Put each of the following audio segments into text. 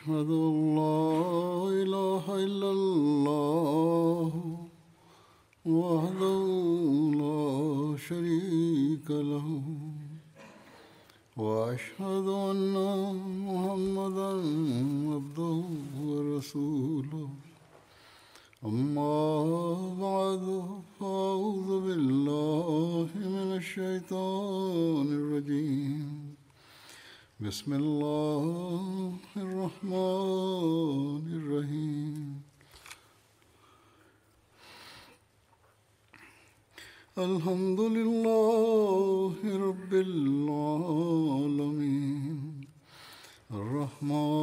أشهد أن لا إله إلا الله وحده لا شريك له وأشهد أن محمدا عبده ورسوله أما بعد فأعوذ بالله من الشيطان الرجيم بسم الله الرحمن الرحيم الحمد لله رب العالمين الرحمن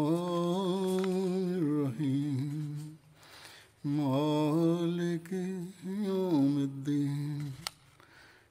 الرحيم مالك يوم الدين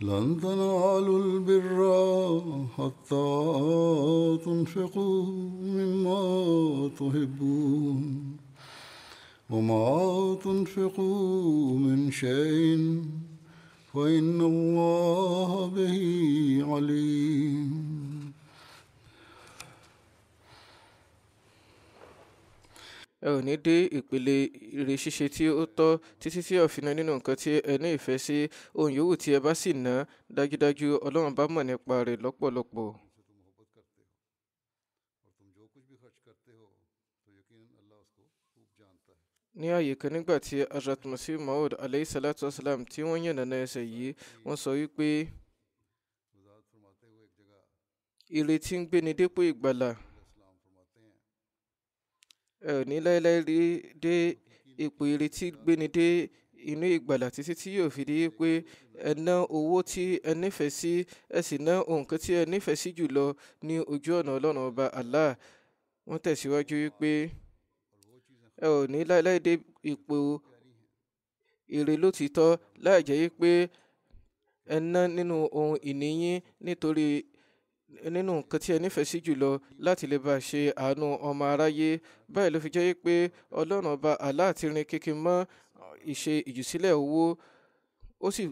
لن تنالوا البر حتى تنفقوا مما تحبون وما تنفقوا من شيء فإن الله به عليم ẹ ò ní dé ìpele ire ṣíṣe tí ó tọ́ títí tí ẹ fi ná nínú nǹkan tí ẹ ní ìfẹ́ sí ohun yòówù tí ẹ bá sì ná dájúdájú ọlọ́run bá mọ̀ nípa rẹ̀ lọ́pọ̀lọpọ̀. ní ààyè kan nígbà tí Hazrat Masih Maud alayhi salatu wasalam tí wọ́n yàn nana ẹsẹ̀ yìí wọ́n sọ wípé ire tí ń gbéni dépò ìgbàlà ẹ ò ní láéláé rí dé ipò ìrètí gbéni dé inú ìgbàlà títí tí yóò fi di pé ẹ ná owó tí ẹ nífẹ̀ẹ́ sí ẹ sì ná nǹkan tí ẹ nífẹ̀ẹ́ sí jùlọ ní ojú ọ̀nà ọlọ́run ọba Allah wọ́n tẹ̀síwájú wípé ẹ ò ní láéláé ipò èrè lótìtọ́ láì wípé ẹ ná nínú ohun ìní yín nítorí nínú nǹkan tí ẹ nífẹ̀ẹ́ sí jùlọ láti lè bá a ṣe àánú ọmọ aráyé báyìí ló fi jẹ́ pé ọlọ́run ọba aláàtìrin kékeré mọ́ ìṣe ìjùsílẹ̀ owó ó sì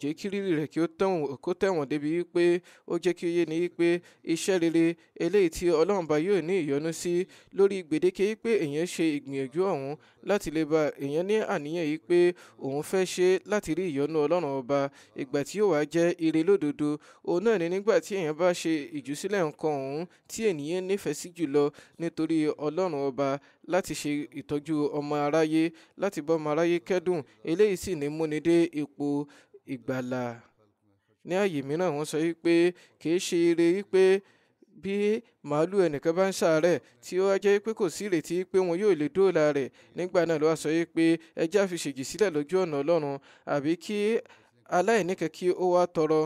jẹ́ kí rírì rẹ̀ kí ó tẹ̀wọ̀n kó tẹ̀wọ̀n débi wípé ó jẹ́ kí ó yé ni wípé iṣẹ́ rere eléyìí tí ọlọ́run bá yóò ní ìyọ́nú sí lórí gbèdéke wípé èèyàn ṣe ìgbìyànjú ọ̀hún láti lè ba èèyàn ní àníyàn yìí pé òun fẹ́ ṣe láti rí ìyọ́nú ọlọ́run ọba ìgbà tí yóò wá jẹ́ ire lódodo òun náà ni nígbà tí èèyàn bá ṣe ìjúsílẹ̀ nǹkan ọ̀hún tí ènìyàn nífẹ̀ẹ́ sí jùlọ nítorí ọlọ́run ọba láti ṣe ìtọ́jú ọmọ aráyé láti bọ́ ọmọ aráyé kẹ́dùn eléyìí sì ní múni dé ipò ìgbàlà. Ní ààyè mìíràn wọ́n sọ wípé kì í ṣe ire wípé bí màálù ẹnìkan bá ń ṣàárẹ̀ tí ó wá jẹ́ pé kò sí ìrètí pé wọn yóò lè dóòlà rẹ̀ nígbà náà ló wá sọ wípé ẹjẹ́ àfiṣèjì sílẹ̀ lójú ọ̀nà Ọlọ́run àbí kí aláìníkan kí ó wá tọrọ.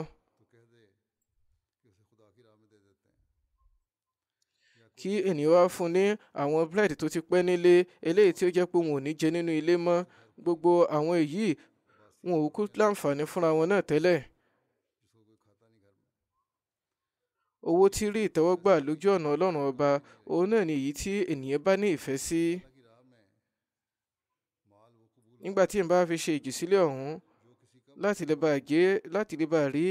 kí ènìyàn wá fún ní àwọn búrẹ́dì tó ti pẹ́ nílé eléyìí tí ó jẹ́ pé wọn ò ní jẹ nínú ilé mọ́ gbogbo àwọn èyí wọn ò kú láǹfààní fúnra wọn náà tẹ́lẹ̀ owó tí rí ìtẹ́wọ́gbà lójú ọ̀nà ọlọ́run ọba òun náà ni èyí tí ènìyàn bá ní ìfẹ́ sí nígbà tí n bá fi ṣe ìjùsílẹ̀ ọ̀hún láti lè bá gé láti lè bá rí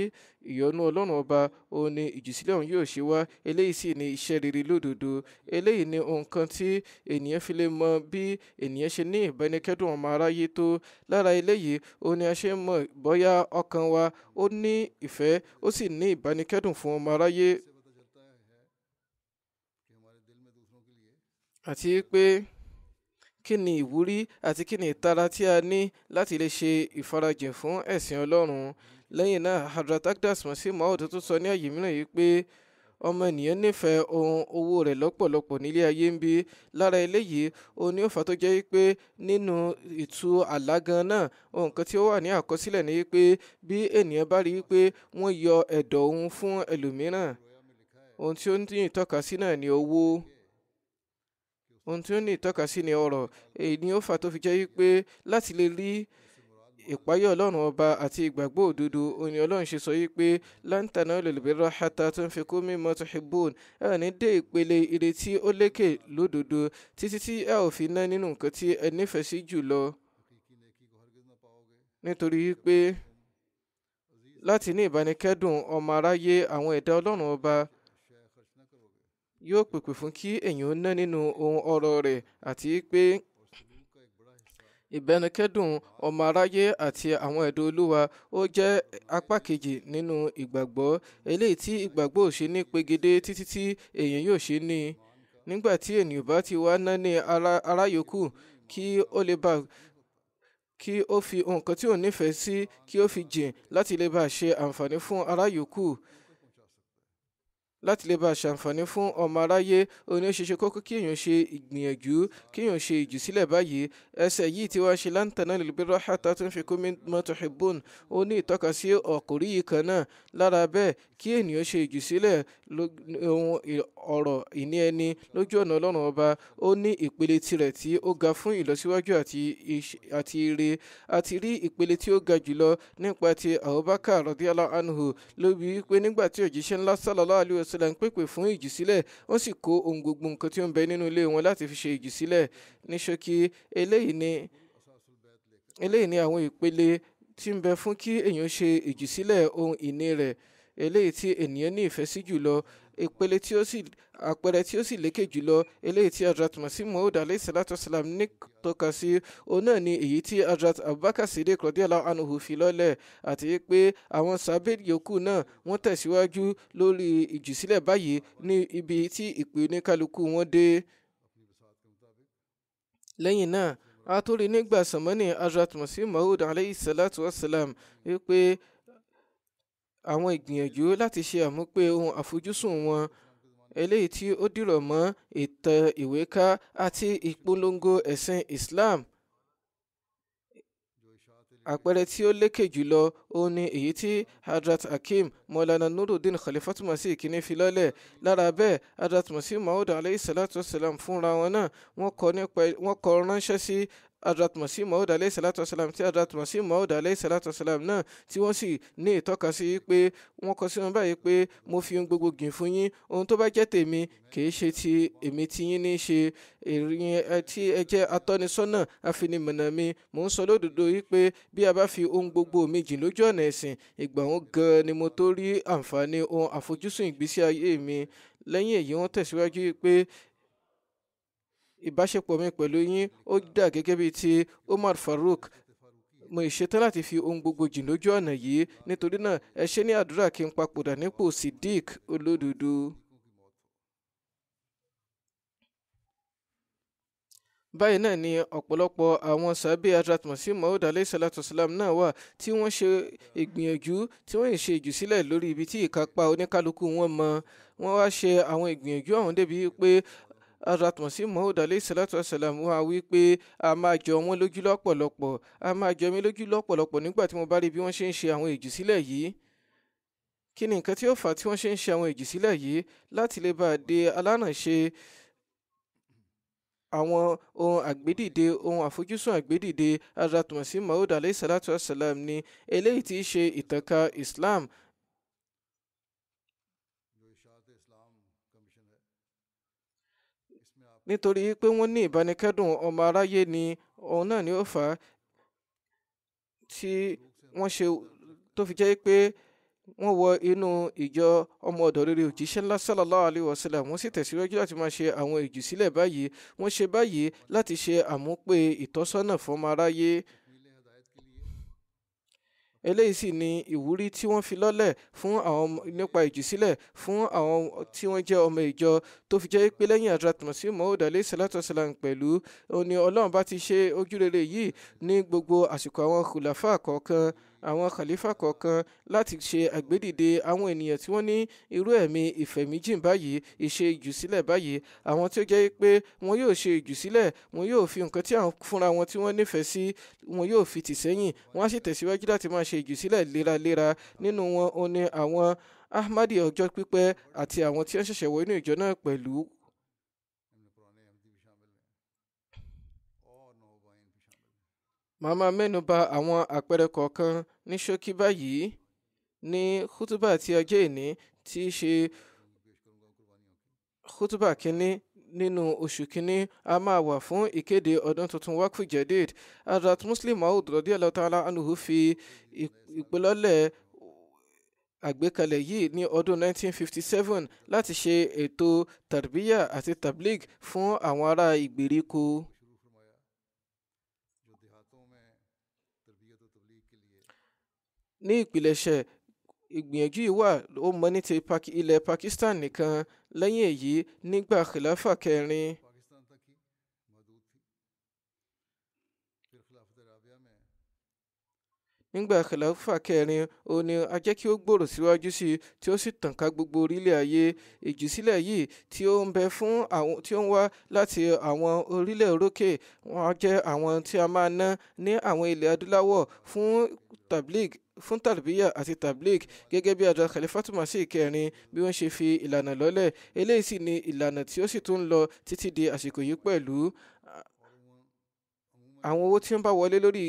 ìyọ́nú ọlọ́run ọba òun ni ìjùsílẹ̀ òun yóò ṣe wá eléyìí sì ni iṣẹ́ rere lódodo eléyìí ni nǹkan tí ènìyàn fi lè mọ bí ènìyàn ṣe ní ìbẹnikẹ́dùn ọmọ aráyé tó lára eléyìí òun ni a ṣe ń mọ bóyá ọkàn wa ó ní ìfẹ́ ó sì ní ìbẹnikẹ́dùn fún ọmọ aráyé àti pé kí ni ìwúrí àti kí ni ìtara tí a ní láti lè ṣe ìfarajìn fún ẹ̀sìn ọlọ́run lẹ́yìn náá Hadrat Akdas Masih Maud tó sọ ní àyè mìíràn yìí pé ọmọ ènìyàn nífẹ̀ẹ́ ohun owó rẹ̀ lọ́pọ̀lọpọ̀ nílé ayé ń bí lára eléyìí òun ni ó tó jẹ́ pé nínú ìtú àlá náà ohun kan tí ó wà ní àkọsílẹ̀ ni pé bí ènìyàn bá rí i pé wọ́n yọ ẹ̀dọ̀ òun fún ẹlòmíràn ohun tí ó ń tọ́ka sí náà ni owó ohun tí ó ní ìtọ́ka sí ni ọ̀rọ̀ èyí ni ó fà tó fi jẹ́ wípé láti lè rí ìpáyọ̀ ọlọ́run ọba àti ìgbàgbọ́ òdodo òní ọlọ́run ṣe sọ yìí lantana olùbẹ̀rẹ̀ hata tó ń fi kó mímọ́ tó ṣe bóun ẹ ní dé ìpele ìrètí ó lékè lódodo títí tí ẹ ò fi ná nínú nǹkan tí ẹ nífẹ̀ẹ́ sí jù lọ. nítorí pé láti ní ìbánikẹ́dùn ọmọ aráyé àwọn ẹ̀dá ọlọ́run ọba yóò pèpè fún kí èèyàn ná nínú ohun ọrọ̀ rẹ̀ àti pé ìbẹnukẹ́dùn ọmọ aráyé àti àwọn ẹ̀dùn olúwa ó jẹ́ apá kejì nínú ìgbàgbọ́ eléyìí tí ìgbàgbọ́ ò ṣe ní pegedé títí tí èèyàn yóò ṣe ní nígbà tí ènìyàn bá ti wá ná ní ará kí ó lè bá kí ó fi nǹkan tí ò nífẹ̀ẹ́ sí kí ó fi jìn láti lè bá ṣe àǹfààní fún ará láti lè bá a ṣàǹfààní fún ọmọ aráyé oní ṣíṣe kókó kí èèyàn ṣe ìgbìyànjú kí èèyàn ṣe ìjùsílẹ̀ báyìí ẹsẹ̀ yìí tí wàá ṣe láǹtàná lèlúbírọ̀ hàtà tó ń fi kó mọ́tò hebron ó ní ìtọ́ka sí ọ̀kùnrin yìí kan náà lára bẹ́ẹ̀ kí ènìyàn ṣe ìjùsílẹ̀ ohun ọ̀rọ̀ ìní ẹni lójú ọ̀nà ọlọ́run ọba ó ní ìpele tirẹ̀ tí ó ga fún ìlọsíwájú àti ire àti rí ìpele tí ó ga jùlọ nípa ti Abubakar radiyallahu anhu lóbi wípé nígbà tí òjíṣẹ́ ńlá sallallahu alaihi sọ̀lá ń pèpè fún ìjì sílẹ̀ ó sì kó ohun gbogbo nǹkan tí ó ń bẹ nínú ilé wọn láti fi ṣe ìjì ní ṣókí eléyìí ni eléyìí ni àwọn ìpele tí ń bẹ fún kí èèyàn ṣe ìjì ohun ìní rẹ̀ eléyìí tí ènìyàn ní ìfẹ́ sí jùlọ ìpele tí ó sì àpẹẹrẹ tí ó sì lékè jùlọ eléyìí tí Hazrat Masih Maud alayhi salatu wasalam ní tọ́ka sí òun náà ni èyí tí Hazrat Abubakar Siddiq radiyallahu anhu fi lọ́lẹ̀ àti pé àwọn sábẹ́ yòókù náà wọ́n tẹ̀síwájú lórí ìjùsílẹ̀ báyìí ní ibi tí ìpè oníkálukú wọn dé. lẹ́yìn náà a tó rí nígbà sànmọ́nì Hazrat Masih Maud alayhi salatu wasalam wípé àwọn ìgbìyànjú láti ṣe àmúpé ohun àfojúsùn wọn eléyìí tí ó dìrọ̀ mọ́ ètò ìwéká àti ìpolongo ẹ̀sìn Islam àpẹẹrẹ tí ó lékè jùlọ òun ni èyí tí Hadrat Hakim Maulana Nuruddin Khalifat Masih kìíní fi lọ́lẹ̀ lára bẹ́ẹ̀ Hadrat Masih Maud alayhi salatu wasalam fúnra wọn náà wọ́n kọ ránṣẹ́ sí adrat masih maud alayhi salatu wasalam tí adrat masih maud alayhi salatu wasalam na tí wọ́n sì ní ìtọ́ka sí pé wọ́n kọ sí wọn báyìí pé mo fi ohun gbogbo gìn fún yín ohun tó bá jẹ́ tèmi kìí ṣe ti èmi tí yín ní í ṣe ìrìn tí ẹ atọ́nisọ́nà afinimọ̀nà mi mò ń sọ lódodo yìí pé bí a bá fi ohun gbogbo mi jìn lójú ọ̀nà ẹ̀sìn ìgbà wọn gan ni mo tó rí àǹfààní ohun àfojúsùn ìgbésí ayé mi lẹ́yìn èyí wọ́n tẹ̀síwájú pé ìbáṣepọ̀ mi pẹ̀lú yín ó dà gẹ́gẹ́ bíi ti Umar Farouk mo ìṣetán láti fi ohun gbogbo jìn lójú ọ̀nà yìí nítorí náà ẹ ṣe ní àdúrà kí n papòdà nípò Siddiq olódodo. báyìí náà ni ọ̀pọ̀lọpọ̀ àwọn sàbí adratmasi maud aleyhisalatu salam náà wà tí wọ́n ṣe ìgbìyànjú tí wọ́n ṣe ìjùsílẹ̀ lórí ibi tí ìkápá oníkálukú wọn mọ wọ́n wá ṣe àwọn ìgbìyànjú ọ̀hún débi pé aratun sí muhammad alayhi salatu wasalam wa wí pé a máa jọ wọ́n lójú lọ́pọ̀lọpọ̀ a máa jọ mí lójú lọ́pọ̀lọpọ̀ nígbà tí mo bá rí bí wọ́n ṣe ń ṣe àwọn èjì sílẹ̀ yìí kí ni nǹkan tí ó fà á tí wọ́n ṣe ń ṣe àwọn èjì sílẹ̀ yìí láti lè bá a de alánàṣe àwọn ohun àgbédìde ohun àfojúsùn àgbédìde aratun sí muhammad wasalam ni eléyìí tí í ṣe ìtànká islam nítorí pé wọ́n ní ìbánikẹ́dùn ọmọ aráyé ni òun náà ni ó fà á tí wọ́n ṣe tó fi jẹ́ pé wọ́n wọ inú ìjọ ọmọ ọ̀dọ̀ rere òjíṣẹ́ ńlá sallallahu alaihi wasallam wọ́n sì tẹ̀síwájú láti máa ṣe àwọn ìjùsílẹ̀ báyìí wọ́n ṣe báyìí láti ṣe àmúpè ìtọ́sọ́nà fọmọ aráyé eléyìí sì ni ìwúrí tí wọ́n fi lọ́lẹ̀ fún àwọn nípa ìjùsílẹ̀ fún àwọn tí wọ́n jẹ́ ọmọ ìjọ tó fi jẹ́ pé lẹ́yìn àdúrátùmọ̀sí Maud alayhi salatu wasalam pẹ̀lú ó ní Ọlọ́run bá ti ṣe ojúrere yìí ní gbogbo àsìkò àwọn khulafa kọ̀ọ̀kan àwọn khalifa kọ̀ọ̀kan láti ṣe àgbédìde àwọn ènìyàn tí wọ́n ní irú ẹ̀mí ìfẹ̀míjìn báyìí ìṣe ìjùsílẹ̀ báyìí àwọn tí ó jẹ́ pé wọn yóò ṣe ìjùsílẹ̀ wọn yóò fi nǹkan tí àwọn fúnra wọn tí wọ́n nífẹ̀ẹ́ sí wọn yóò fi tì sẹ́yìn wọ́n á sì tẹ̀síwájú láti máa ṣe ìjùsílẹ̀ léraléra nínú wọn ó ní àwọn Ahmadi ọjọ́ pípẹ́ àti àwọn tí wọ́n ṣẹ̀ṣẹ̀ wọ inú ìjọ náà pẹ̀lú màá máa ba àwọn àpẹẹrẹ kọ̀ọ̀kan ní ṣókí báyìí ní kútúbà ti ọjọ́ ìní tí í ṣe kútúbà kínní nínú oṣù kínní a máa wà fún ìkéde ọdún tuntun wakfu jadid Hazrat Muslim Maud radiyallahu ta'ala anhu fi ìpìlọ́lẹ̀ àgbékalẹ̀ yìí ní ọdún 1957 láti ṣe ètò tarbiya àti tablig fún àwọn ará ìgbèríko. ní ìpilẹ̀ṣẹ̀ ìgbìyànjú yìí wà ó mọ ní ti ilẹ̀ Pakistan nìkan lẹ́yìn èyí nígbà khilafa kẹrin. nígbà khilafa kẹrin o ni a jẹ́ kí ó gbòòrò síwájú sí i tí ó sì tàn ká gbogbo orílẹ̀ ayé ìjùsílẹ̀ yìí tí ó ń bẹ fún àwọn tí ó ń wá láti àwọn orílẹ̀ òrókè wọ́n jẹ́ àwọn tí a máa ná ní àwọn ilẹ̀ adúláwọ̀ fún tablig fún tàrbíyà àti tablik gẹ́gẹ́ bí àjọ khalifatuma sí ìkẹrin bí wọ́n ṣe fi ìlànà lọ́lẹ̀ eléyìí sì ni ìlànà tí ó sì tún lọ títí di àsìkò yìí pẹ̀lú àwọn owó tí ń bá wọlé lórí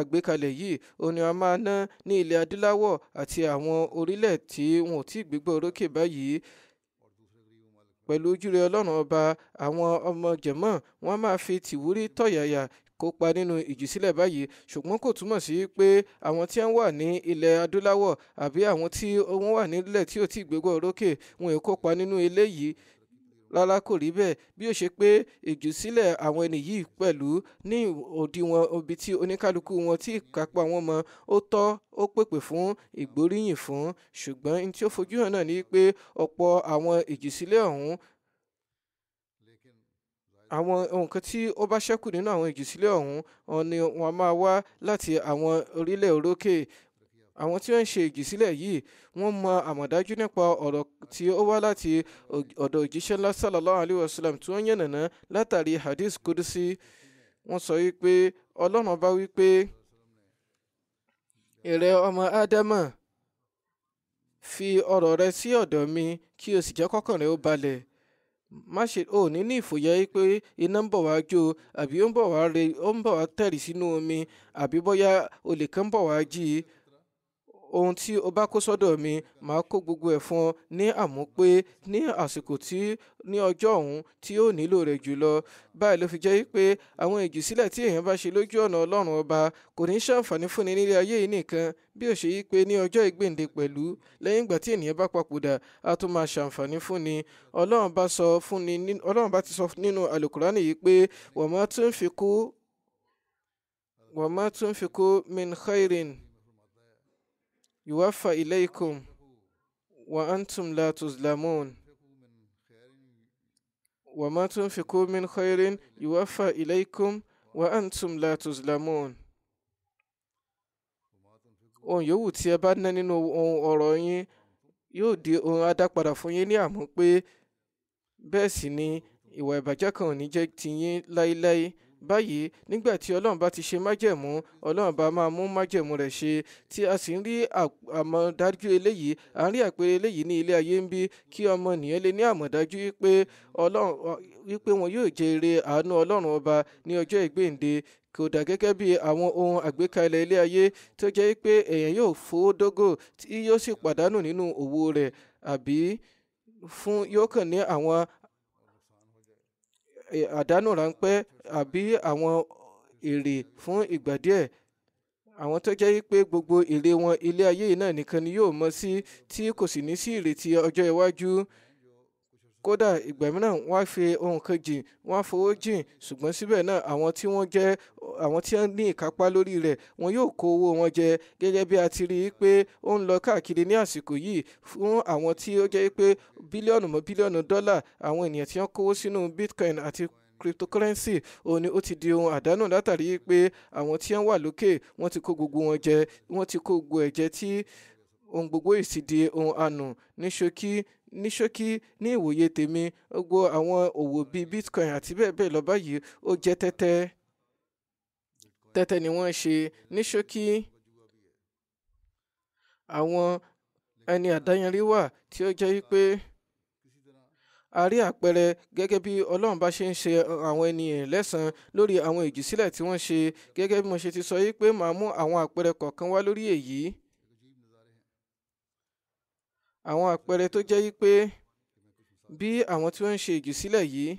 àgbékalẹ̀ yìí òun ni a máa ná ní ilẹ̀ adúláwọ̀ àti àwọn orílẹ̀ tí wọn ò tí ì gbégbá orókè báyìí pẹ̀lú ojúre ọlọ́run ọba àwọn ọmọ jẹ̀mọ́ wọn máa fi tìwúrí tọ̀yàyà kópa nínú ìjùsílẹ̀ báyìí ṣùgbọ́n kò túmọ̀ sí pé àwọn tí wọ́n wà ní ilẹ̀ adúláwọ̀ àbí àwọn tí wọ́n wà nílẹ̀ tí ò tí ì gbégbá orókè wọn ò kópa nínú eléyìí rárá kò rí bẹ́ẹ̀ bí ó ṣe pé ìjùsílẹ̀ àwọn ẹni yìí pẹ̀lú ní òdiwọ̀n ibi tí oníkálukú wọn tí ìkápá wọn mọ ó tọ́ ó pèpè fún ìgbóríyìn fún ṣùgbọ́n tí ó fojú hàn náà ni pé ọ̀pọ̀ àwọn ìjùsílẹ̀ ọ̀hún àwọn nǹkan tí ó bá ṣẹ́kù nínú àwọn ìjùsílẹ̀ ọ̀hún ọ̀hún ni wọ́n máa wá láti àwọn orílẹ̀ òrókè àwọn tí wọ́n ń ṣe ìjùsílẹ̀ yìí wọ́n mọ àmọ̀dájú nípa ọ̀rọ̀ tí ó wá láti ọ̀dọ̀ òjíṣẹ́ ńlá sallallahu alayhi wa sallam tí wọ́n yànnàná látàrí hadith kudusi wọ́n sọ wípé ọlọ́run bá wípé ìrẹ ọmọ ádámà fi ọ̀rọ̀ rẹ sí ọ̀dọ̀ mi kí o sì jẹ́ kọ́kàn rẹ ó balẹ̀ má ṣe ò ní ní ìfòyà yìí pé iná ń bọ̀ wá jó o àbí ó ń bọ̀ wá re ó ń bọ̀ wá tẹ̀rì omi àbí bóyá olè kan ń bọ̀ wá ohun tí o bá kó sọ́dọ̀ mi màá kó gbogbo ẹ̀ fún ọ ní àmúpé ní àsìkò tí ní ọjọ́ ọ̀hún tí ó nílò rẹ̀ jùlọ báyìí ló fi jẹ́ pé àwọn ìjùsílẹ̀ tí èèyàn bá ṣe lójú ọ̀nà ọlọ́run ọba kò ní ṣàǹfààní fúnni nílé ayé yìí nìkan bí ó ṣe yí pé ní ọjọ́ ìgbèǹde pẹ̀lú lẹ́yìn ìgbà tí ènìyàn bá papòdà á tún máa ṣàǹfààní fúnni ọlọ́run bá ti sọ nínú àlùkùránì yìí pé wọ́n máa tún fi kú wọ́n máa tún fi kú min khairin يوفى إليكم وأنتم لا تظلمون وما تنفقوا من خير يوفى إليكم وأنتم لا تظلمون ohun yòówù tí ẹ bá ná nínú ohun ọ̀rọ̀ yín yóò di ohun adápadà fún yín ní àmọ́ pé bẹ́ẹ̀ sì ni ìwà ìbàjẹ́ kan ò ní jẹ́ tiyín láéláé báyìí nígbà tí ọlọ́run bá ti ṣe májẹ̀mú ọlọ́run bá máa mú májẹ̀mú rẹ̀ ṣe tí a sì ń rí àmọ̀dájú eléyìí à ń rí àpẹẹrẹ eléyìí ní ilé ayé ń bí kí ọmọnìyàn lè ní àmọ̀dájú pé ọlọ́run wípé wọn yóò jèrè àánú ọlọ́run ọba ní ọjọ́ ìgbéǹde kò dà gẹ́gẹ́ bí àwọn ohun àgbékalẹ̀ ilé ayé tó jẹ́ pé èèyàn yóò fowó dógò tí yóò sì pàdánù nínú òwò rẹ̀ àbí fún yóò kàn ní àwọn àdánù ráńpẹ́ àbí àwọn èrè fún ìgbà díẹ̀ àwọn tó jẹ́ pé gbogbo èrè wọn ilé ayé yìí náà nìkan ni yóò mọ sí tí kò sì ní sí ìrètí ọjọ́ iwájú kódà ìgbà mìíràn wọ́n á fi ohun kan jìn wọ́n á fowó jìn ṣùgbọ́n síbẹ̀ náà àwọn tí wọ́n jẹ́ àwọn tí wọ́n ní ìkápá lórí rẹ̀ wọn yóò kó owó wọn jẹ gẹ́gẹ́ bí a ti rí i pé ó ń lọ káàkiri ní àsìkò yìí fún àwọn tí ó jẹ́ pé bílíọ̀nù mọ́ bílíọ̀nù dọ́là àwọn ènìyàn tí wọ́n kówó sínú bitcoin àti cryptocurrency òun ni ó ti di ohun àdánù látàrí pé àwọn tí wọ́n wà lókè wọ́n ti kó gbogbo wọn jẹ wọ́n ti kó gbogbo ẹ̀jẹ̀ tí ohun gbogbo yìí ní ṣókí ní ìwòye tèmi gbogbo àwọn òwò bíi bitcoin àti bẹ́ẹ̀ bẹ́ẹ̀ lọ báyìí ó jẹ́ tẹ́tẹ́ tẹ́tẹ́ ni wọ́n ṣe ní ṣókí àwọn ẹni àdáyanrí wà tí ó jẹ́ wípé a rí àpẹẹrẹ gẹ́gẹ́ bí ọlọ́run bá ṣe ń ṣe àwọn ènìyàn lẹ́san lórí àwọn ìjùsílẹ̀ tí wọ́n ṣe gẹ́gẹ́ bí mo ṣe ti sọ yìí pé màá mú àwọn àpẹẹrẹ kọ̀ọ̀kan wá lórí èyí. E àwọn àpẹẹrẹ tó jẹ́ wípé bí àwọn tí wọ́n ń ṣe ìjùsílẹ̀ yìí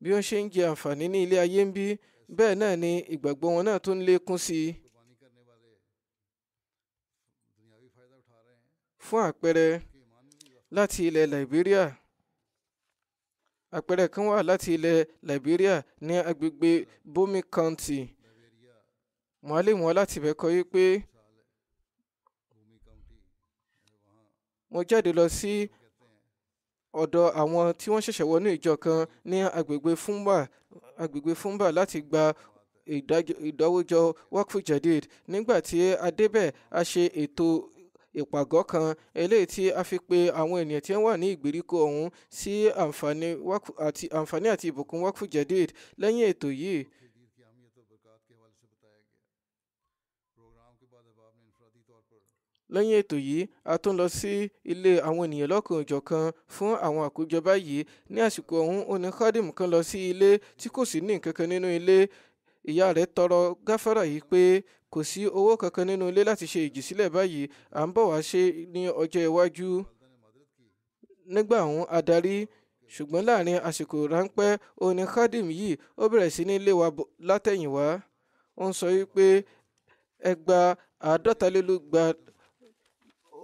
bí wọ́n ṣe ń jẹ àǹfààní ní ilé ayé ń bí bẹ́ẹ̀ náà ni ìgbàgbọ́ wọn náà tó ń lékún sí i. fún àpẹẹrẹ láti ilẹ̀ Liberia àpẹẹrẹ kan wà láti ilẹ̀ Liberia ní agbègbè Bomi County mọ̀álẹ́mọ̀ọ́ láti bẹ̀ kọ́ yí mo jáde lọ sí ọ̀dọ̀ àwọn tí wọ́n ṣẹ̀ṣẹ̀ wọnú ìjọ kan ní agbègbè Fúmbà agbègbè Fúmbà láti gba ìdáwójọ Wakfu Jadid nígbà tí a débẹ̀ a ṣe ètò ìpàgọ́ kan eléyìí tí a fi pe àwọn ènìyàn tí wọ́n wà ní ìgbèríko ọ̀hún sí àǹfààní àti ìbùkún Wakfu Jadid lẹ́yìn ètò yìí lẹ́yìn ètò yìí a tún lọ sí ilé àwọn ènìyàn lọ́kàn òjọ̀kan fún àwọn àkójọ báyìí ní àsìkò ọ̀hún òní khadim kan lọ sí ilé tí kò sí ní nǹkankan nínú ilé ìyá rẹ̀ tọrọ gáfárà yìí pé kò sí owó kankan nínú ilé láti ṣe ìjìsílẹ̀ báyìí à ń bọ̀ wá ṣe ní ọjọ́ iwájú nígbà ọ̀hún adarí ṣùgbọ́n láàrin àsìkò ráńpẹ́ òní khadim yìí ó bẹ̀rẹ̀ sí ní lé wa látẹ̀yìnwá ó ń sọ wípé ẹgbàá àádọ́talélúgba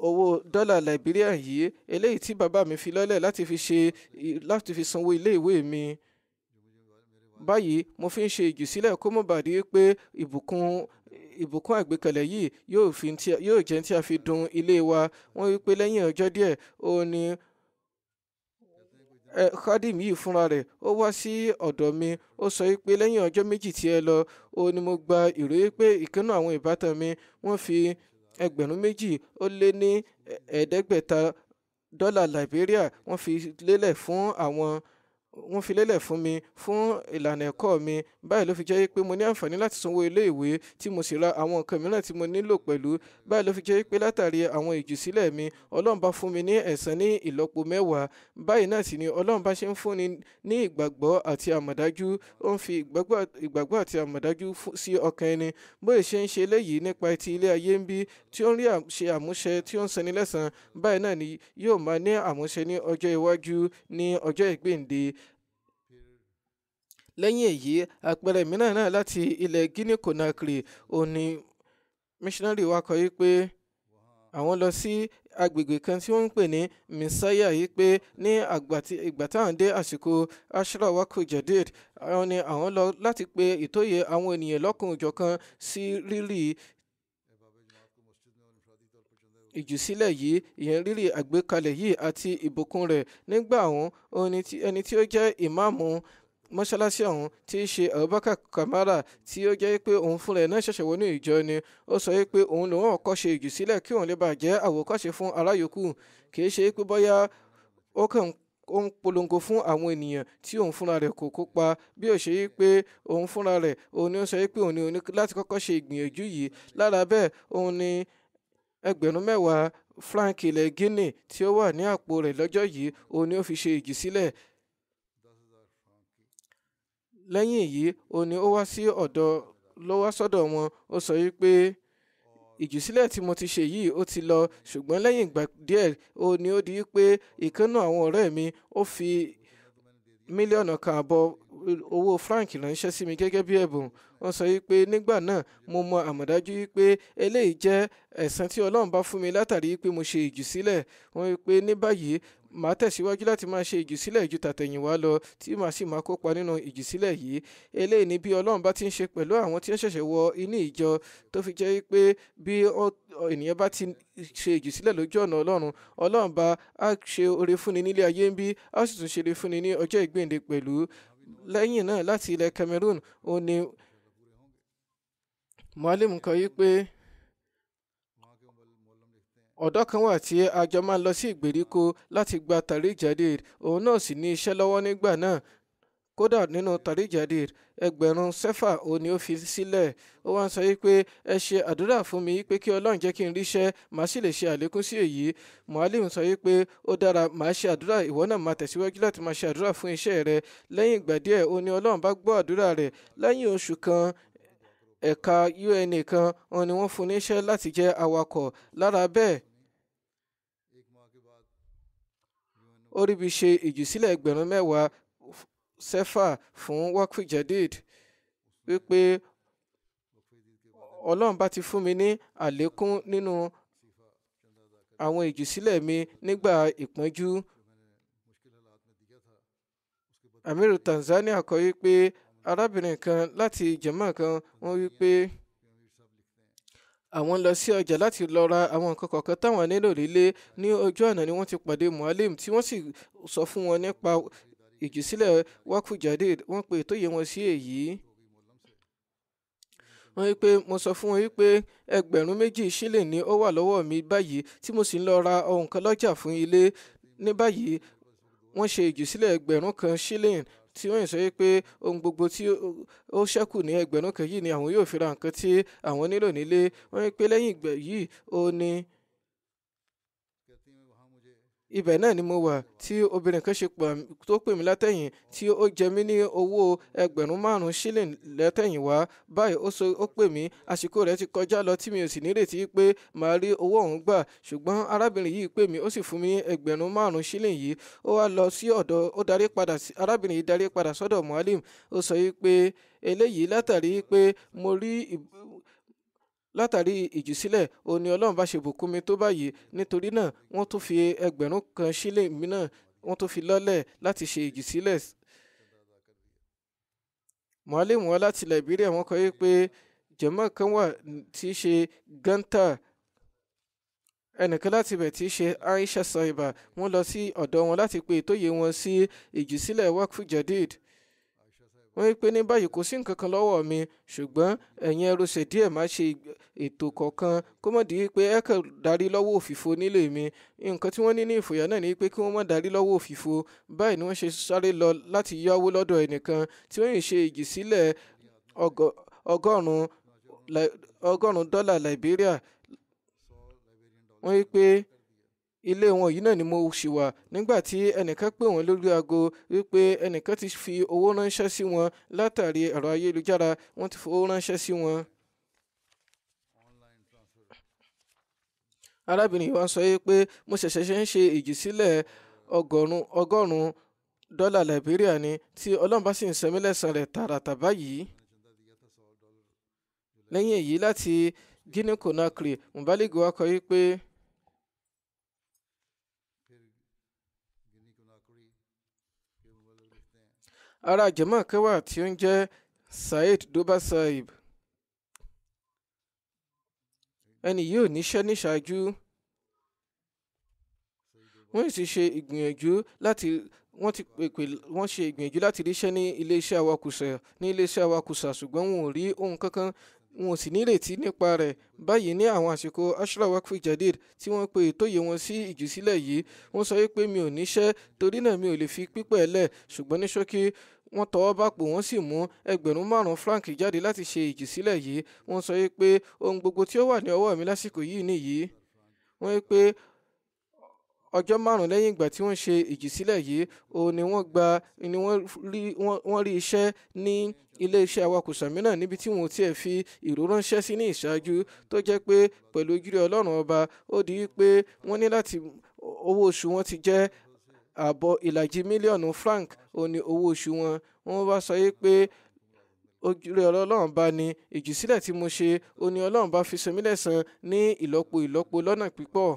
owó dọ́là Liberia yìí eléyìí tí bàbá mi fi lọ́lẹ̀ láti fi ṣe láti fi sanwó ilé ìwé mi báyìí mo fi ń ṣe ìjùsílẹ̀ kó mọ̀ bàdí pé ìbùkún ìbùkún àgbékalẹ̀ yìí yóò fi tí yóò jẹ́ tí a fi dun ilé wa wọ́n wí pé lẹ́yìn ọjọ́ díẹ̀ ó ní ẹ khadim yìí fúnra rẹ̀ ó wá sí ọ̀dọ̀ mi ó sọ pé lẹ́yìn ọjọ́ méjì tí ẹ lọ ó ní mo gba ìròyìn pé ìkànnà àwọn ìbátan mi wọ́n fi ẹgbẹ̀rún méjì ó lé ní ẹ̀ẹ́dẹ́gbẹ̀ta dọ́là Liberia wọ́n fi lélẹ̀ fún àwọn wọ́n fi lélẹ̀ fún mi fún ìlànà ẹ̀kọ́ mi báyìí ló fi jẹ́ pé mo ní àǹfààní láti sanwó ilé ìwé tí mo sì ra àwọn nǹkan mìíràn tí mo nílò pẹ̀lú báyìí ló fi jẹ́ pé látàrí àwọn ìjùsílẹ̀ mi ọlọ́run bá fún mi ní ẹ̀san ní ìlọ́po mẹ́wàá báyìí náà sì ni ọlọ́run bá ṣe ń fúnni ní ìgbàgbọ́ àti àmọ̀dájú ó ń fi ìgbàgbọ́ àti àmọ̀dájú sí ọkàn ẹni bóyá ṣe ń ṣe eléyìí nípa ti ilé ayé ń bí tí ó ń rí ṣe àmúṣe tí ó ń sani lẹ́san báyìí ni yóò máa ní lẹ́yìn èyí àpẹẹrẹ mìíràn náà láti ilẹ̀ Guinea Conakry òní missionary wa kọ yìí pé àwọn lọ sí agbègbè kan tí wọ́n ń pè ní Misaya yìí pé ní ìgbà táwọn dé àsìkò Ashura Waqfu Jadid àwọn ni àwọn lọ láti pe ìtòyè àwọn ènìyàn lọ́kùnrin òjọ̀kan sí rírì ìjùsílẹ̀ yìí ìyẹn rírì àgbékalẹ̀ yìí àti ìbùkún rẹ̀ nígbà àwọn ẹni tí ó jẹ́ ìmáàmù mọ́ṣáláṣí ọ̀hún tí í ṣe Abubakar Kamara tí ó jẹ́ pé òun fúnra ẹ̀ náà ṣẹ̀ṣẹ̀ wọnú ìjọ ni ó sọ pé òun lòun ọ̀kọ́ ṣe ìjù sílẹ̀ kí òun lè bàa jẹ́ àwòkọ́ṣe fún ará kì í ṣe pé bóyá ó kàn ó ń polongo fún àwọn ènìyàn tí òun fúnra rẹ̀ kò kópa bí ó ṣe yí pé òun fúnra rẹ̀ òun ni ó sọ pé òun ni òun ní láti kọ́kọ́ ṣe ìgbìyànjú yìí lára bẹ́ẹ̀ òun ni ẹgbẹ̀rún mẹ́wàá franc ilẹ̀ Guinea tí ó wà ní àpò rẹ̀ lọ́jọ́ yìí òun ni ó fi ṣe ìjì sílẹ̀ lẹ́yìn èyí ó ní ó wá sí ọ̀dọ̀ ló wá sọ́dọ̀ wọn ó sọ wípé ìjùsílẹ̀ tí mo ti ṣe yìí ó ti lọ ṣùgbọ́n lẹ́yìn ìgbà díẹ̀ ó ní ó di pé ìkànnà àwọn ọ̀rẹ́ mi ó fi mílíọ̀nù kan àbọ̀ owó frank ránṣẹ́ sí mi gẹ́gẹ́ bí ẹ̀bùn wọ́n sọ wípé nígbà náà mo mọ àmọ̀dájú wípé eléyìí jẹ́ ẹ̀san tí ọlọ́run bá fún mi látàrí pé mo ṣe ìjù sílẹ̀ wọ́n wípé ní báyìí màá tẹ̀síwájú láti máa ṣe ìjùsílẹ̀ ju tàtẹ̀yìnwá lọ tí màá sì máa kópa nínú ìjùsílẹ̀ yìí eléyìí ni bí ọlọ́run bá ti ń ṣe pẹ̀lú àwọn tí ń ṣẹ̀ṣẹ̀ wọ inú ìjọ tó fi jẹ́ pé bí ènìyàn bá ti ṣe ìjùsílẹ̀ lójú ọ̀nà ọlọ́run ọlọ́run bá a ṣe oore fúnni nílé ayé ń bí a sì tún ṣe oore fúnni ní ọjọ́ ìgbéǹde pẹ̀lú lẹ́yìn náà láti ilẹ̀ Cameroon ó ní mualim kan yí pé ọ̀dọ́ kan wà tí a jọ máa ń lọ sí ìgbèríko láti gba tàrí jadid òun náà sì ní iṣẹ́ lọ́wọ́ nígbà náà kódà nínú tàríjàdìr ẹgbẹ̀rún sẹ́fà ò ní ó fi sílẹ̀ ó wá ń sọ pé ẹ ṣe àdúrà fún mi pé kí ọlọ́run jẹ́ kí n ríṣẹ́ màá sì lè ṣe àlékún sí èyí mualim sọ pé ó dára màá ṣe àdúrà ìwọ náà máa tẹ̀síwájú láti máa ṣe àdúrà fún iṣẹ́ rẹ lẹ́yìn ìgbà díẹ̀ ó ní ọlọ́run bá gbọ́ àdúrà rẹ̀ lẹ́yìn oṣù kan ẹ̀ka una kan wọn ni wọ́n fún níṣẹ́ láti jẹ́ awakọ̀ lára bẹ́ẹ̀ ó ríbi ṣe ìjùsílẹ̀ ẹgbẹ̀rún mẹ́wàá sefa fún wakfu jadid wípé ọlọ́run bá ti fún mi ní àlékún nínú àwọn ìjùsílẹ̀ mi nígbà ìpọ́njú amiru Tanzania kọ wípé arábìnrin kan láti jama kan wọ́n wípé àwọn lọ sí ọjà láti lọ ra àwọn nǹkan kọ̀ọ̀kan táwọn nílò nílé ní ojú ọ̀nà ni wọ́n ti pàdé mualim tí wọ́n sì sọ fún wọn nípa ìjùsílẹ̀ wákùjáde wọ́n pe ìtóyè wọn sí èyí wọ́n wí pé mo sọ fún wọn wípé ẹgbẹ̀rún méjì ṣílè ni ó wà lọ́wọ́ mi báyìí tí mo sì ń lọ ra ohun kan lọ́jà fún ilé ní báyìí wọ́n ṣe ìjùsílẹ̀ ẹgbẹ̀rún kan ṣílè tí wọ́n sọ wípé ohun gbogbo tí ó ṣẹ́kù ní ẹgbẹ̀rún kan yìí ni àwọn yóò fi ra nǹkan tí àwọn nílò nílé wọ́n wí pé lẹ́yìn ìgbà yìí ó ní ibẹ̀ náà ni mo wà tí obìnrin kan ṣe pè tó pè mí látẹ̀yìn tí ó jẹ mí ní owó ẹgbẹ̀rún márùn-ún shilling lẹ́tẹ̀yìn wá báyìí ó sọ ó pè mí àsìkò rẹ̀ ti kọjá lọ tí mi ò sì nírètí pé màá rí owó ọ̀hún gbà ṣùgbọ́n arábìnrin yìí pè mí ó sì fún mi ẹgbẹ̀rún márùn-ún shilling yìí ó wá lọ sí ọ̀dọ̀ ó darí padà arábìnrin yìí darí padà sọ́dọ̀ mualim ó sọ yìí pé eléyìí látàrí pé mo rí látàrí ìjùsílẹ̀ òní ọlọ́run bá ṣe bùkún mi tó báyìí nítorí náà wọ́n tún fi ẹgbẹ̀rún kan sílẹ̀ mi náà wọ́n tún fi lọ́lẹ̀ láti ṣe ìjùsílẹ̀. mọ̀álẹ́ wọn láti Liberia wọ́n kọ yé pé jẹ̀mọ́ kan wà tí í ṣe ganta ẹnìkan láti bẹ̀ tí í ṣe Aisha Saiba wọ́n lọ sí ọ̀dọ̀ wọn láti pe ìtóyè wọn sí ìjùsílẹ̀ wakfu jadid wọ́n pé ní báyìí kò sí nǹkan kan lọ́wọ́ mi ṣùgbọ́n ẹ̀yin ẹrú ṣe díẹ̀ má ṣe ètò kọ̀ọ̀kan kó mọ̀ di pé ẹ kàn darí lọ́wọ́ òfìfo nílé mi nǹkan tí wọ́n ní ní ìfòyà náà ni pé kí wọ́n má darí lọ́wọ́ òfìfo báyìí ni wọ́n ṣe sáré lọ láti yáwó lọ́dọ̀ ẹnìkan tí wọ́n yìí ṣe ìjì sílẹ̀ ọgọ́rùn-ún dọ́là Liberia wọ́n yìí pé ilé wọn yìí náà ni mo ṣì wà nígbà tí ẹnìkan pè wọ́n lórí aago wípé ẹnìkan ti fi owó ránṣẹ́ sí wọn látàrí ẹ̀rọ ayélujára wọ́n ti fi owó ránṣẹ́ sí wọn. arábìnrin wa sọ pé mo ṣẹ̀ṣẹ̀ ṣe ń ṣe ìjìsílẹ̀ ọgọ́rùn-ún dọ́là Liberia ni tí Ọlọ́run bá sì ń sẹ́mi rẹ̀ tààràtà báyìí. lẹ́yìn èyí láti Guinea Conakry Mobaligo wa kọ yí pé. ará jẹ̀mọ́ kan wà tí ó ń jẹ́ Saheed Doba Sahib ẹni yìí ò níṣẹ́ níṣáájú wọ́n sì ṣe ìgbìyànjú láti wọ́n ti pèpè wọ́n ṣe ìgbìyànjú láti ríṣẹ́ ní iléeṣẹ́ awakùsà ní iléeṣẹ́ awakùsà ṣùgbọ́n wọn ò rí ohun kankan wọn ò sì nírètí nípa rẹ̀ báyìí ní àwọn àsìkò Ashra Wakfi Jadid tí wọ́n pe ìtóyè wọn sí ìjùsílẹ̀ yìí wọ́n sọ pé mi ò níṣẹ́ torí náà mi ò lè fi pípẹ́ lẹ̀ ṣùgbọ́n ní ṣókí wọ́n tọwọ́ bá pò wọ́n sì mú ẹgbẹ̀rún márùn franc jáde láti ṣe ìjùsílẹ̀ yìí wọ́n sọ pé ohun gbogbo tí ó wà ní ọwọ́ mi lásìkò yìí nìyí wọ́n pé ọjọ́ márùn-ún lẹ́yìn ìgbà tí wọ́n ṣe ìjìsílẹ̀ yìí ó ní wọ́n gba ni wọ́n rí iṣẹ́ ní iléeṣẹ́ awakùsà mìíràn níbi tí wọn ò tiẹ̀ fi ìró ránṣẹ́ sí ní ìṣáájú tó jẹ́ pé pẹ̀lú ojúrere ọlọ́run ọba ó di wípé wọ́n ní láti owó oṣù wọn ti jẹ́ àbọ̀ ìlàjì mílíọ̀nù franc ó ní owó oṣù wọn wọ́n wá sọ yìí pé ojúre ọlọ́run bá ní ìjùsílẹ̀ tí mo ṣe ó ní ọlọ́run bá fi san mí ní ìlọ́po ìlọ́po lọ́nà pípọ̀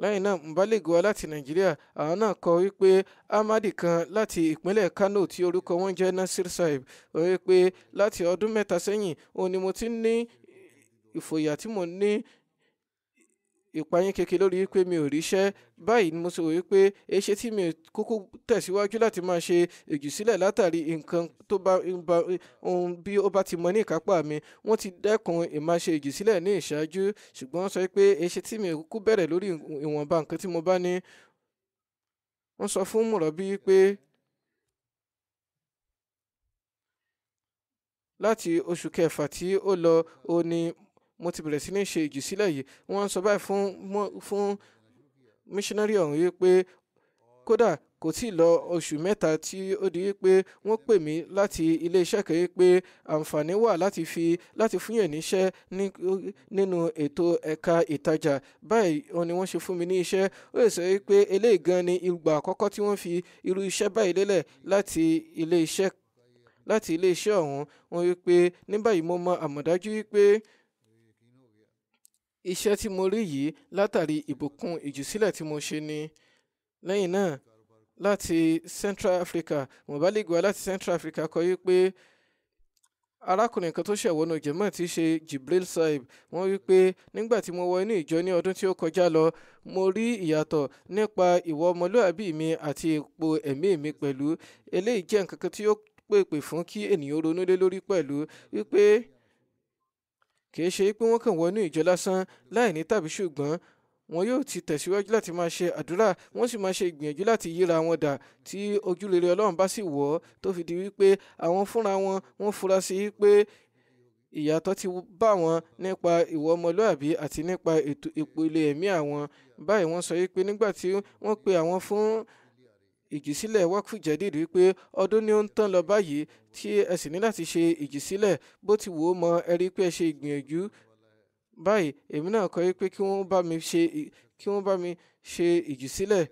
lẹ́yìn náà Mbalego wa láti Nàìjíríà àwọn náà kọ wípé Amadi kan láti ìpínlẹ̀ Kano tí orúkọ wọn jẹ́ Nasir Saib wípé láti ọdún mẹ́ta sẹ́yìn òun ni mo ti ní ìfòyà tí mo ní ìpayín keke lórí wípé mi ò ríṣẹ́ báyìí ni mo sọ wípé èṣe e tí mi kúkú tẹ̀síwájú láti máa ṣe ìjùsílẹ̀ látàrí nǹkan tó bá ohun bí ó bá ti mọ ní ìkápá mi wọ́n ti dẹ́kun ìmáṣe ìjùsílẹ̀ ní ìṣáájú ṣùgbọ́n wọ́n sọ pé èṣe e tí mi kúkú bẹ̀rẹ̀ lórí ìwọ̀nba nǹkan tí mo bá ní wọ́n sọ fún mùrọ̀bí pé láti oṣù kẹfà tí ó lọ ó mo ti bẹ̀rẹ̀ sí ní ṣe ìjùsílẹ̀ yìí wọ́n sọ báyìí fún fún missionary ọ̀hún yìí pé kódà kò tí ì lọ oṣù mẹ́ta tí ó di pé wọ́n pè mí láti iléeṣẹ́ kan pé àǹfààní wà láti fi láti fún yẹn níṣẹ́ nínú ètò ẹ̀ka ìtajà báyìí wọn ni wọ́n ṣe fún mi ní iṣẹ́ ó lè sọ pé eléyìí gan ni ìgbà àkọ́kọ́ tí wọ́n fi irú iṣẹ́ báyìí lélẹ̀ láti iléeṣẹ́ láti iléeṣẹ́ ọ̀hún wọ́n wí pé ní báyìí mo mọ àmọ̀dájú wí pé iṣẹ́ tí mo rí yìí látàrí ìbùkún ìjùsílẹ̀ tí mo ṣe ni lẹ́yìn náà láti Central Africa mọ̀bálẹ́gbẹ̀ẹ́ láti Central Africa kọ yí pé arákùnrin kan tó ṣẹ̀wọ́nù jẹ̀mọ́ ti ṣe Jibril Saib wọ́n wí pé nígbà tí mo wọ inú ìjọ ní ọdún tí ó kọjá lọ mo rí ìyàtọ̀ nípa ìwà ọmọlúwàbí mi àti ipò ẹ̀mí mi pẹ̀lú eléyìí jẹ́ nǹkan kan tí ó pèpè fún kí ènìyàn ronú lé lórí pẹ̀lú wípé kìí ṣe pé wọ́n kàn wọnú ìjọ lásán láì ní tàbí ṣùgbọ́n wọn yóò ti tẹ̀síwájú láti máa ṣe àdúrà wọ́n sì máa ṣe ìgbìyànjú láti yíra wọn dà tí ojúrere ọlọ́run bá sì wọ̀ ọ́ tó fi di wípé àwọn fúnra wọn wọ́n fura sí pé ìyàtọ̀ ti bá wọn nípa ìwọ ọmọlúàbí àti nípa ètò ìpele ẹ̀mí àwọn báyìí wọ́n sọ wípé nígbà tí wọ́n pe àwọn fún ìjìsílẹ̀ Waqf Jadid wípé ọdún ni ó ń tán lọ báyìí tí ẹ sì ní láti ṣe ìjìsílẹ̀ bó ti wò ó mọ ẹ rí pé ẹ ṣe ìgbìyànjú báyìí èmi náà kọ́ pé kí wọ́n bá mi ṣe kí wọ́n bá mi ṣe ìjìsílẹ̀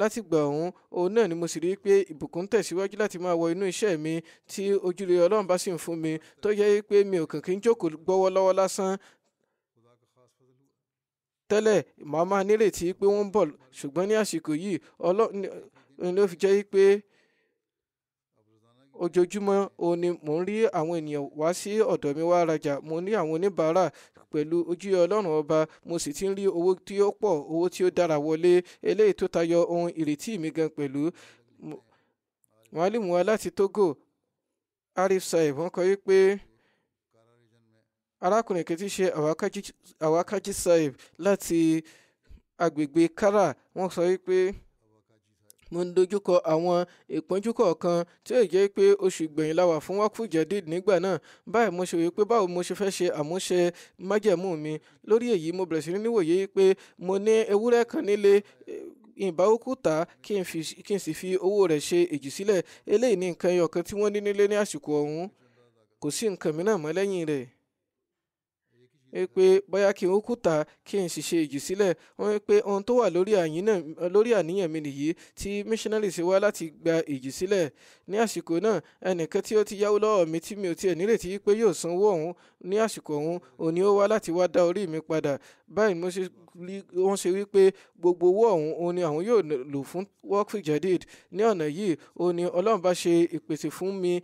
látìgbà ọ̀hún òun náà ni mo sì rí pé ìbùkún tẹ̀síwájú láti máa wọ inú iṣẹ́ mi tí ojúre Ọlọ́run bá sì ń fún mi tó yẹ pé mi ò kàn kí n jókòó gbọ́wọ́ lọ́wọ́ lásán tẹ́lẹ̀ màá máa nírètí pé wọ́n ń bọ̀ ṣùgbọ́n ní àsìkò yìí ló fi jẹ́ pé ojoojúmọ́ òun ni mò ń rí àwọn ènìyàn wá sí ọ̀dọ̀ mi wá rajà mo ní àwọn oníbàárà pẹ̀lú ojú ọlọ́run ọba mo sì ti ń rí owó tí ó pọ̀ owó tí ó dára wọlé eléyìí tó tayọ ohun ìrètí mi gan pẹ̀lú màálìmù wa láti Togo Arif Saib wọ́n kọ wípé arákùnrin kan tí ṣe Awakaji Saib láti agbègbè Kara wọ́n sọ wípé. So mo ń dojúkọ àwọn ìpọ́njú kọ̀ọ̀kan tí ó jẹ́ pé oṣù gbẹ̀yìn la wà fún wákù jẹ́díd nígbà náà báyìí mo ṣe wí pé báwo mo ṣe fẹ́ ṣe àmúṣe májẹ̀mú mi lórí èyí mo bẹ̀rẹ̀ sí ní níwòye pé mo ní ewúrẹ́ kan nílé eh, ìbáwókù ta kí n sì fi owó rẹ̀ ṣe èjì sílẹ̀ eléyìí ní nǹkan ẹyọ̀kan tí wọ́n ní nílé ní àsìkò ọ̀hún kò sí nǹkan mìíràn mọ́ lẹ́yìn rẹ̀ pé bóyá kí n ó kùtà kí n sì ṣe ìjù sílẹ̀ wọ́n pé ohun tó wà lórí àníyàn mi nìyí tí missionary ṣe wá láti gba ìjù sílẹ̀ ní àsìkò náà ẹnìkan tí ó ti yáwó lọ́wọ́ mi tí mi ò tiẹ̀ nírètí pé yóò sanwó ọ̀hún ní àsìkò ọ̀hún òní ó wá láti wá dá orí mi padà báyìí mo ṣe wọ́n ṣe wí pé gbogbo owó ọ̀hún òun ni àwọn yóò lò fún work for jadid ní ọ̀nà yìí òun ni ọlọ́run bá ṣe ìpèsè fún mi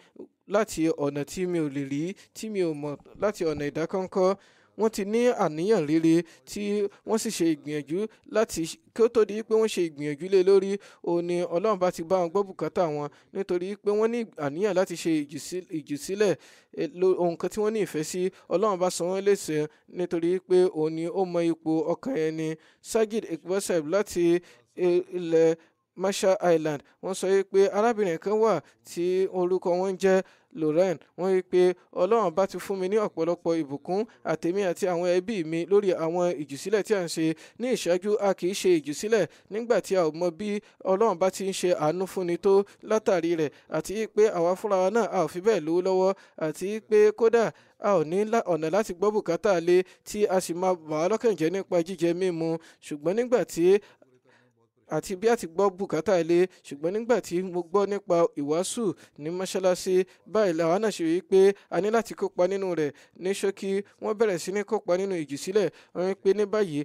láti ọ̀nà tí mi ò lè rí tí mi ò mọ̀ láti ọ̀nà ìdákọ́ńkọ́ wọ́n ti ní àníyàn rere tí wọ́n sì ṣe ìgbìyànjú láti kí ó tó di pé wọ́n ṣe ìgbìyànjú lé lórí òun ni ọlọ́run bá ti bá wọn gbọ́ bùkátà wọn nítorí pé wọ́n ní àníyàn láti ṣe ìjùsílẹ̀ e, ohun kan tí wọ́n ní ìfẹ́ sí ọlọ́run bá san wọ́n lẹ́sẹ̀ nítorí pé òun ni ó mọ ipò ọkàn ẹni Sajid Iqbal Saheb láti e, ilẹ̀ Marshall Island wọ́n sọ pé arábìnrin kan wà tí orúkọ wọn jẹ́ Lauren wọ́n wí pé ọlọ́run bá ti fún mi ní ọ̀pọ̀lọpọ̀ ìbùkún àtèmi àti àwọn ẹbí mi lórí àwọn ìjùsílẹ̀ tí a ń ṣe ní ìṣẹ́jú a kì í ṣe ìjùsílẹ̀ nígbà tí a ò mọ bí ọlọ́run bá ti ń ṣe àánú fúnni tó látàrí rẹ̀ àti pé àwa fúnra wa náà a ò fi bẹ́ẹ̀ lówó lọ́wọ́ àti pé kódà a ò ní ọ̀nà láti gbọ́ bùkátà lé tí a sì máa bà á nípa jíjẹ mímu ṣùgbọ́n nígbà tí àti bí a ti gbọ́ bùkátà ilé ṣùgbọ́n nígbà tí mo gbọ́ nípa ìwàásù ní mọ́ṣáláṣí báyìí làwọn náà ṣe wí pé a ní láti kópa nínú rẹ̀ ní ṣókí wọ́n bẹ̀rẹ̀ sí ní kópa nínú ìjùsílẹ̀ wọ́n ń pe ní báyìí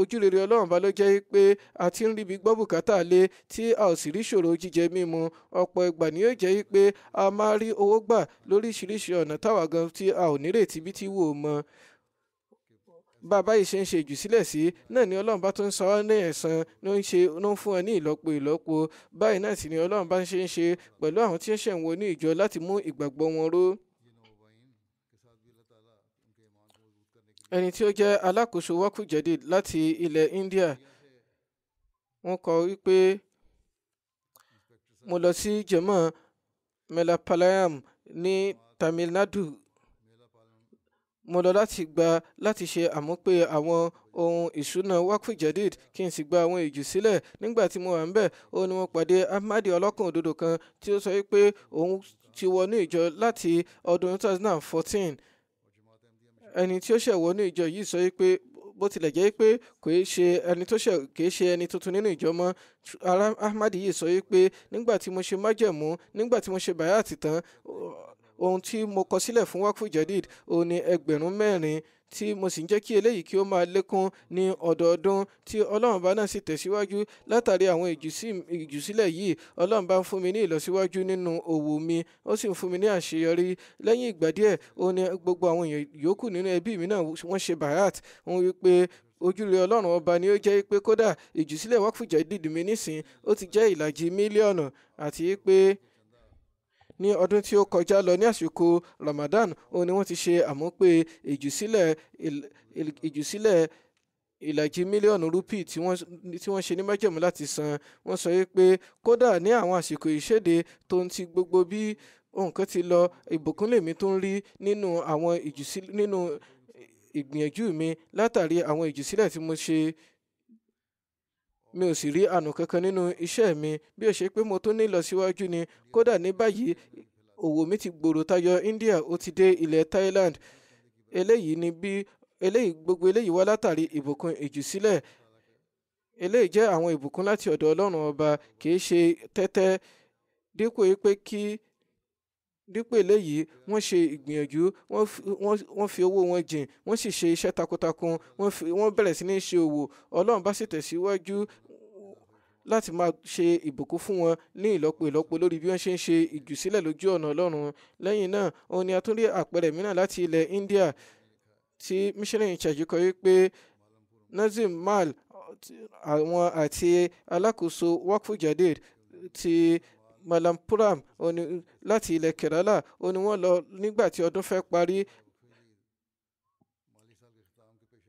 ojúrere ọlọ́run bá ló jẹ́ pé a ti ń ríbi gbọ́ bùkátà ilé tí a ò sì rí ṣòro jíjẹ mímu ọ̀pọ̀ ìgbà ni yóò jẹ́ pé a máa rí owó gbà lóríṣiríṣi ọ̀nà táwa gan tí a ò nírètí bí tí wò ó bàbá yìí ṣe ń ṣe ìjùsílẹ̀ sí náà ni ọlọ́run bá tún ń san ọ́ ní ẹ̀san ló ń ṣe ló ń fún ẹ ní ìlọ́po ìlọ́po báyìí náà sì ni ọlọ́run bá ń ṣe ń ṣe pẹ̀lú àwọn tí ń ṣẹ̀ ń wo ní ìjọ láti mú ìgbàgbọ́ wọn ró. ẹni tí ó jẹ́ alákòóso wákù jẹ̀dì láti ilẹ̀ India wọ́n kọ wípé mo lọ sí jẹ̀mọ́ melapalayam ní Tamil Nadu mo lọ láti gba láti ṣe àmúpé àwọn ohun ìṣúná wakfu jadid kí n sì gba àwọn ìjù sílẹ̀ nígbà tí mo wà ń bẹ̀ ó ní mo pàdé ahmadi ọlọ́kùn òdodo kan tí ó sọ pé òun ti wọnú ìjọ láti ọdún 2014 ẹni tí ó ṣẹ̀ wọnú ìjọ yìí sọ pé bó tilẹ̀ jẹ́ pé ẹni tó ṣe kì ṣe ẹni tuntun nínú ìjọ mọ́ ahmadi yìí sọ pé nígbà tí mo ṣe májẹ̀mú nígbà tí mo ṣe bàyà àtìtàn ohun tí mo kọ sílẹ̀ fún wákùú jadid òun ni ẹgbẹ̀rún mẹ́rin tí mo sì ń jẹ́ kí eléyìí kí ó máa lékún ní ọdọọdún tí ọlọ́run bá náà sì tẹ̀síwájú látàrí àwọn ìjùsílẹ̀ yìí ọlọ́run bá ń fún mi ní ìlọsíwájú nínú òwò mi ó sì ń fún mi ní àṣeyọrí lẹ́yìn ìgbà díẹ̀ ó ní gbogbo àwọn èèyàn yòókù nínú ẹbí mi náà wọ́n ṣe bàrát wọ́n wí pé ojúlé ọlọ́run ọba ni ó jẹ́ pé kódà ìjùsílẹ̀ wákùjẹ́ dìdì nísìn ó ti jẹ́ ìlàjì mílíọ̀nù àti pé ní ọdún tí ó kọjá lọ ní àsìkò Ramadan òun ni wọ́n ti ṣe àmúpè ìjùsílẹ̀ ìjùsílẹ̀ ìlàjì mílíọ̀nù rúpì tí wọ́n ṣe ní májẹ̀mú láti san wọ́n sọ pé kódà ní àwọn àsìkò ìṣèdè tó ń ti gbogbo bí nǹkan ti lọ ìbùkún lèmi tó ń rí nínú àwọn ìjùsílẹ̀ nínú ìgbìyànjú mi látàrí àwọn ìjùsílẹ̀ tí mo ṣe mi ò sì rí àánú kankan nínú iṣẹ́ mi bí ó ṣe pé mo tún ní ìlọsíwájú ni kódà ní báyìí òwò mi ti gbòòrò tayọ India ó ti dé ilẹ̀ Thailand eléyìí ni bí eléyìí gbogbo eléyìí wá látàrí ìbùkún ìjùsílẹ̀ eléyìí jẹ́ àwọn ìbùkún láti ọ̀dọ̀ Ọlọ́run ọba kì í ṣe tẹ́tẹ́ dípò pé kí dípò eléyìí wọ́n ṣe ìgbìyànjú wọ́n fi owó wọn jìn wọ́n sì ṣe iṣẹ́ takuntakun wọ́n bẹ̀rẹ̀ sí ní ṣe òwò ọlọ́run bá sì tẹ̀síwájú láti máa ṣe ìbùkún fún wọn ní ìlọ́po ìlọ́po lórí bí wọ́n ṣe ń ṣe ìjùsílẹ̀ lójú ọ̀nà ọlọ́run lẹ́yìn náà òun ni a tún rí àpẹẹrẹ mìíràn láti ilẹ̀ India tí missionary church kọ wípé Nazim Mal àwọn àti alákòóso Wakfu Jadid ti. Mallam oni láti ilẹ̀ Kerala ó ní wọ́n lọ nígbà tí ọdún fẹ́ parí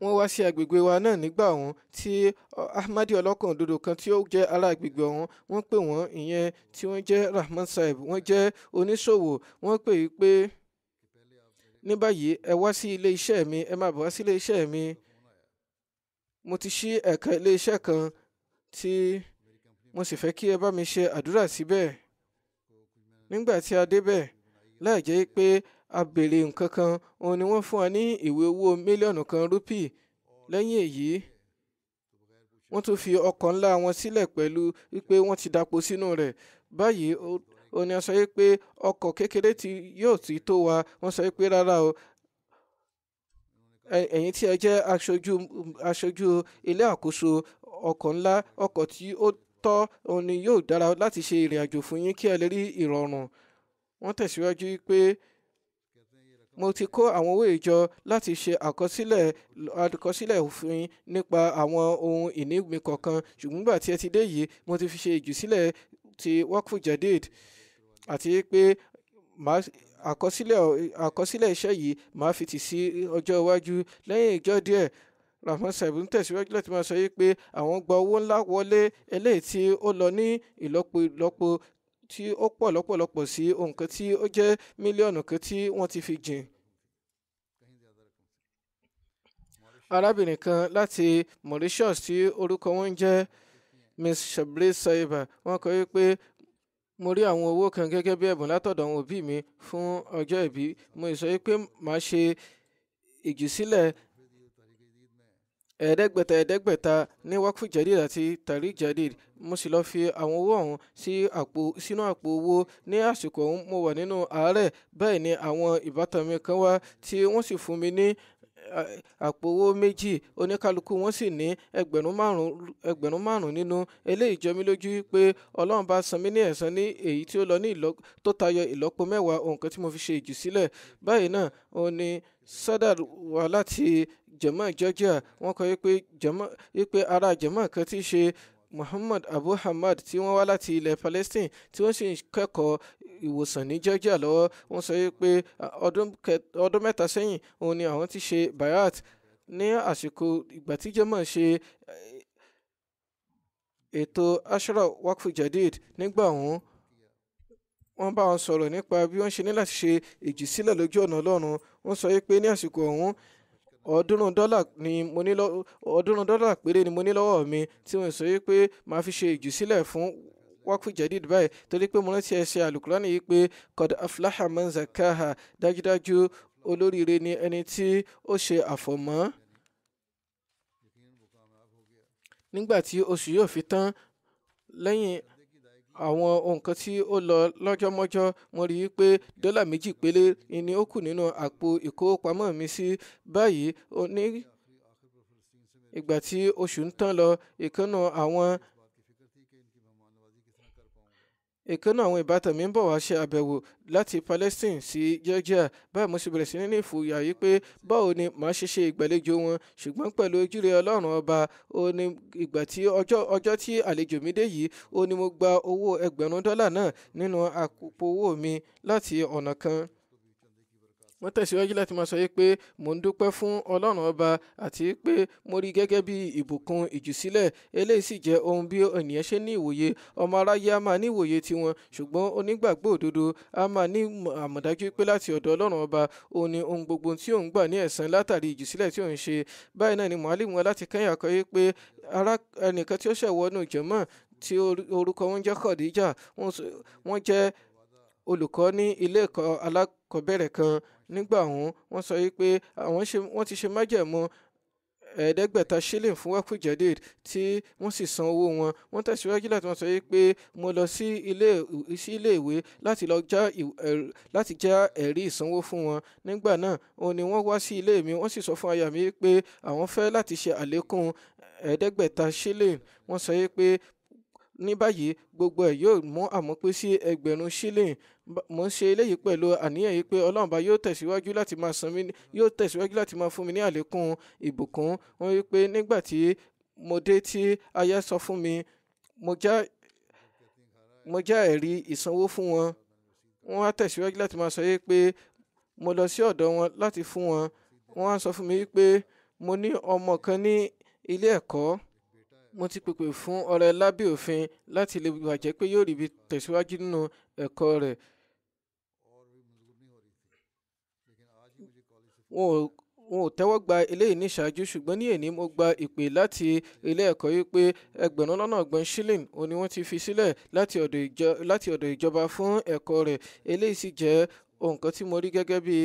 wọ́n wá sí agbègbè wa náà nígbà ọ̀hún tí Ahmadi ọlọ́kàn òdodo kan tí ó jẹ́ ará agbègbè ọ̀hún wọ́n pè wọ́n ìyẹn tí wọ́n jẹ́ Rahman Saheb wọ́n jẹ́ oníṣòwò wọ́n pè é pé ní báyìí ẹ wá sí ilé iṣẹ́ mi ẹ máa bọ̀ wá sí ilé iṣẹ́ mi mo ti ṣí ẹ̀ka ilé iṣẹ́ kan tí mo sì fẹ́ kí ẹ bá mi ṣe àdúrà síbẹ̀ nígbà tí a débẹ̀ láì jẹ́ pé a béèrè nǹkan kan òun ni wọ́n fún wa ní ìwé owó mílíọ̀nù kan rúpì lẹ́yìn èyí wọ́n tún fi ọkọ̀ ńlá wọn sílẹ̀ pẹ̀lú wípé wọ́n ti dàpọ̀ sínú rẹ̀ báyìí ó ní a sọ pé ọkọ̀ kékeré tí yóò ti tó wa wọ́n sọ pé rárá o ẹ̀yin tí ẹ jẹ́ aṣojú ilé àkóso ọkọ̀ ńlá ọkọ̀ tí ó tọ́ òun ni yóò dára láti ṣe ìrìn àjò fún yín kí ẹ lè rí ìrọ̀rùn wọ́n tẹ̀síwájú pé mo ti kó àwọn owó ìjọ láti ṣe àkọsílẹ̀ àkọsílẹ̀ òfin nípa àwọn ohun ìní mi kọ̀ọ̀kan ṣùgbọ́n nígbà tí ẹ ti dé yìí mo ti fi ṣe ìjùsílẹ̀ ti wakfu jadid àti pé àkọsílẹ̀ àkọsílẹ̀ iṣẹ́ yìí màá fi tì sí ọjọ́ iwájú lẹ́yìn ìjọ díẹ̀ rahman saheed tẹ̀síwájú láti máa sọ yìí pé àwọn gba owó ńlá wọlé eléyìí tí ó lọ ní ìlọ́pọ̀lọpọ̀ tí ó pọ̀ lọ́pọ̀lọpọ̀ sí nǹkan tí ó jẹ́ mílíọ̀nù kan tí wọ́n ti fi jìn. arábìnrin kan láti Mauritius tí orúkọ wọn ń jẹ́ Miss Shabri Saiba wọ́n kọ wípé mo rí àwọn owó kan gẹ́gẹ́ bí ẹ̀bùn látọ̀dọ̀ àwọn òbí mi fún ọjọ́ ìbí mo sọ pé màá ṣe ìjùsílẹ̀ ẹ̀ẹ́dẹ́gbẹ̀ta ẹ̀ẹ́dẹ́gbẹ̀ta ní wakfu jadid àti tariq jadid mo sì lọ fi àwọn owó ọ̀hún sí àpò sínú àpò owó ní àsìkò ọ̀hún mo wà nínú àárẹ̀ bẹ́ẹ̀ ni àwọn ìbátan mi kan wá tí wọ́n sì fún mi ní àpò owó méjì oníkálukú wọn sì ní ẹgbẹ̀rún márùn ẹgbẹ̀rún márùn nínú eléyìí jọ mí lójú pé ọlọ́run bá san mí ní ẹ̀san ní èyí tí ó lọ ní ìlọ tó tayọ ìlọ́po mẹ́wàá ohun kan tí mo fi ṣe ìjù sílẹ̀ báyìí náà ó ní sadar wá láti jẹ̀mọ́ Georgia wọ́n kọ wípé ara jẹ̀mọ́ kan ti ṣe Muhammad Abu Hamad tí wọ́n wá láti ilẹ̀ Palestine tí wọ́n sì kẹ́kọ̀ọ́ ìwòsàn ní Georgia lọ́wọ́ wọ́n sọ pé ọdún mẹ́ta sẹ́yìn òun ni àwọn ti ṣe Bayat ní àsìkò ìgbà tí German ṣe eh, ètò Ashraf Wakfu Jadid nígbà wọn wọ́n bá wọn sọ̀rọ̀ nípa bí wọ́n ṣe ní láti ṣe ìjì sílẹ̀ lójú ọ̀nà Ọlọ́run wọ́n sọ pé ní àsìkò ọ̀hún ọ̀ọ́dúnrún dọ́là ni mo ní lọ́wọ́ ọ̀ọ́dúnrún dọ́là péré ni mo ní lọ́wọ́ mi tí wọ́n sọ pé màá fi ṣe ìjì fún wákù jadid báyìí torí pé mo rántí ẹsẹ alukurani yìí pé qad aflaha man zakaha dájúdájú olóríire ni ẹni tí ó ṣe àfọ̀mọ́ nígbà tí oṣù yóò fi tán lẹ́yìn àwọn nǹkan tí ó lọ lọ́jọ́mọ́jọ́ mo rí i pé dọ́là méjì péré ni ó kù nínú àpò ìkówópamọ́ mi sí báyìí ní ìgbà tí oṣù ń tán lọ ìkànnà àwọn ìkànnà àwọn ìbátan mi ń bọ̀ wá ṣe àbẹ̀wò láti Palestine sí Georgia báyìí mo sì bẹ̀rẹ̀ sí ní ìfòyà yìí pé báwo ni màá ṣe ṣe ìgbàlejò wọn ṣùgbọ́n pẹ̀lú ojúre Ọlọ́run ọba ó ní ìgbà tí ọjọ́ ọjọ́ tí àlejò mi dé yìí ó ní mo gba owó ẹgbẹ̀rún dọ́là náà nínú àpò owó mi láti ọ̀nà kan wọ́n tẹ̀síwájú láti máa sọ yìí pé mò ń dúpẹ́ fún ọlọ́run ọba àti pé mo rí gẹ́gẹ́ bí ìbùkún ìjùsílẹ̀ eléyìí sì jẹ́ ohun bí ènìyàn ṣe ní ìwòye ọmọ aráyé a máa ní ìwòye tiwọn ṣùgbọ́n onígbàgbọ́ òdodo a máa ní àmọ̀dájú pé láti ọ̀dọ̀ ọlọ́run ọba òun ni ohun gbogbo tí òun gbà ní ẹ̀san látàrí ìjùsílẹ̀ tí òun ṣe báyìí náà ni mọ̀álìmù láti kẹ́yà kọ́ yìí wọn jẹ́ Khadija ní ilé ẹ̀kọ́ alákọ̀ọ́bẹ̀rẹ̀ kan nígbà ọ̀hún wọ́n sọ wípé wọ́n ti ṣe májẹ̀mú ẹ̀ẹ́dẹ́gbẹ̀ta shilling fún wákù jadid tí wọ́n sì san owó wọn wọ́n tẹ̀síwájú láti wọ́n sọ pé mo lọ sí ilé ìwé láti lọ já ẹ̀rí ìsanwó fún wọn nígbà náà òun ni wọ́n wá sí ilé mi wọ́n sì sọ fún aya mi pé àwọn fẹ́ láti ṣe àlékún ẹ̀ẹ́dẹ́gbẹ̀ta shilling wọ́n sọ pé ní báyìí gbogbo ẹ̀ yóò mú àmọ́pé sí ẹgbẹ̀rún shilling mo ń ṣe eléyìí pẹ̀lú àníyàn yìí pé ọlọ́run bá yóò tẹ̀síwájú láti máa san mí yóò tẹ̀síwájú láti máa fún mi ní àlékún ìbùkún wọ́n wí pé nígbà tí mo dé tí aya sọ fún mi mo já ẹ̀rí ìsanwó fún wọn wọ́n á tẹ̀síwájú láti máa sọ yìí pé mo lọ sí ọ̀dọ̀ wọn láti fún wọn wọ́n á sọ fún mi pé mo ní ọmọ kan ní ilé ẹ̀kọ́ mo ti pèpè fún ọ̀rẹ́ lábẹ́ òfin láti lè wàjẹ́ pé yóò rí ibi tẹ̀síwájú nínú ẹ̀kọ́ rẹ̀ wọn ò wọn ò tẹ́wọ́ gba eléyìí ní ìṣáájú ṣùgbọ́n ní èní mo gba ìpè láti ilé ẹ̀kọ́ yìí pé ẹgbẹ̀rún lọ́nà ọgbọ̀n shilling òun ni wọ́n ti fi sílẹ̀ láti ọ̀dọ̀ ìjọba fún ẹ̀kọ́ rẹ̀ eléyìí sì jẹ́ nǹkan tí mo rí gẹ́gẹ́ bí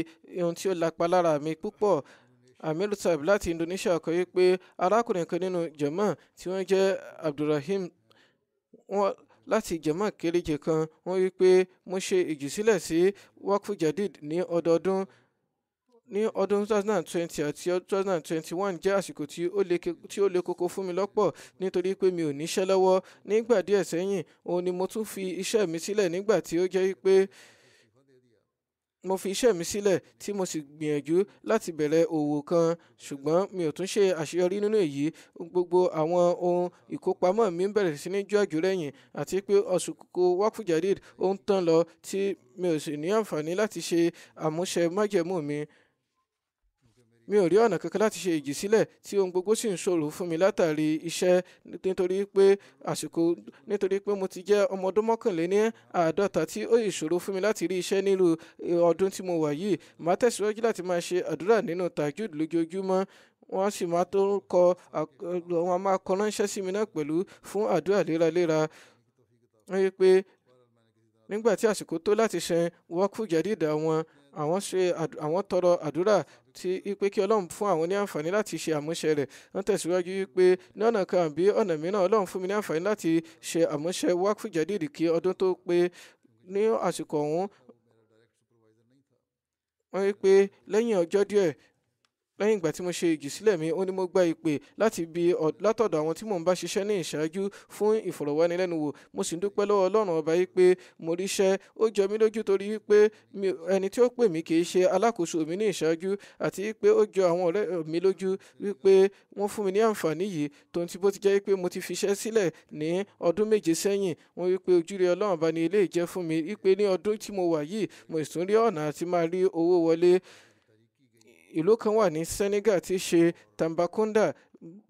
ohun tí ó lapa lára mi púpọ̀ amir saib láti Indonesia kọ yìí pé arákùnrin kan nínú jama tí wọ́n jẹ́ Abdulrahim wọn láti jama kéréje kan wọ́n wí pé mo ṣe ìjùsílẹ̀ sí wakfu jadid ní ọdọọdún ní ọdún 2020 àti 2021 jẹ́ àsìkò tí ó le koko fún mi lọ́pọ̀ nítorí pé mi ò níṣẹ́ lọ́wọ́ nígbà díẹ̀ sẹ́yìn òun ni mo tún fi iṣẹ́ mi sílẹ̀ nígbà tí ó jẹ́ pé mo fi iṣẹ́ mi sílẹ̀ tí mo sì gbìyànjú láti bẹ̀rẹ̀ òwò kan ṣùgbọ́n mi ò tún ṣe àṣeyọrí nínú èyí gbogbo àwọn ohun ìkópamọ́ mi ń bẹ̀rẹ̀ sí ní jọ́jú rẹ̀yìn àti pé oṣù kòkó wákù jadid ó ń tán lọ tí mi ò sì ní àǹfààní láti ṣe àmúṣe májẹ̀mú mi mi ò rí ọ̀nà kankan láti ṣe ìjì sílẹ̀ tí ohun gbogbo sì ń ṣòro fún mi látàrí iṣẹ́ nítorí pé àsìkò nítorí pé mo ti jẹ́ ọmọ ọdún mọ́kànléní àádọ́ta tí ó ìṣòro fún mi láti rí iṣẹ́ nílùú e, ọdún tí mo wà yìí màá tẹ̀síwájú láti máa ṣe àdúrà nínú tajud lójoojúmọ́ wọ́n sì máa tó kọ wọ́n máa kọ ránṣẹ́ sí mi náà pẹ̀lú fún àdúrà léraléra pé nígbà tí àsìkò tó láti ṣe wọ́n kú jẹ́dídà àwọn àwọn tọrọ àdúrà tí pé kí ọlọ́run fún àwọn ní àǹfààní láti ṣe àmúṣe rẹ̀ wọ́n tẹ̀síwájú pé ní ọ̀nà kan àbí ọ̀nà mìíràn ọlọ́run fún mi ní àǹfààní láti ṣe àmúṣe wákùú jẹ́dìrì kí ọdún tó pé ní àsìkò ọ̀hún wọ́n wí lẹ́yìn ọjọ́ díẹ̀ lẹ́yìn ìgbà tí mo ṣe ìjùsílẹ̀ mi ó ní mo gba ìpè láti ibi látọ̀dọ̀ àwọn tí mò ń bá ṣiṣẹ́ ní ìṣáájú fún ìfọ̀rọ̀wánilẹ́nuwò mo sì ń dúpẹ́ lọ́wọ́ ọlọ́run ọba yìí pé mo ríṣẹ́ ó jọ mí lójú torí pé ẹni tí ó pè mí kì í ṣe alákòóso mi ní ìṣáájú àti pé ó jọ àwọn ọ̀rẹ́ mi lójú wípé wọ́n fún mi ní àǹfààní yìí tó ti bó ti jẹ́ pé mo ti fiṣẹ́ sílẹ̀ ní ọdún méje sẹ́yìn wọ́n wí pé ojúre ọlọ́run ọba ni ilé ìjẹ́ fún mi wípé ní ọdún tí mo wà yìí mo ìsúnrí ọ̀nà àti máa rí owó wọlé ìlú kan wà ní Senegal tí í ṣe Tambacounda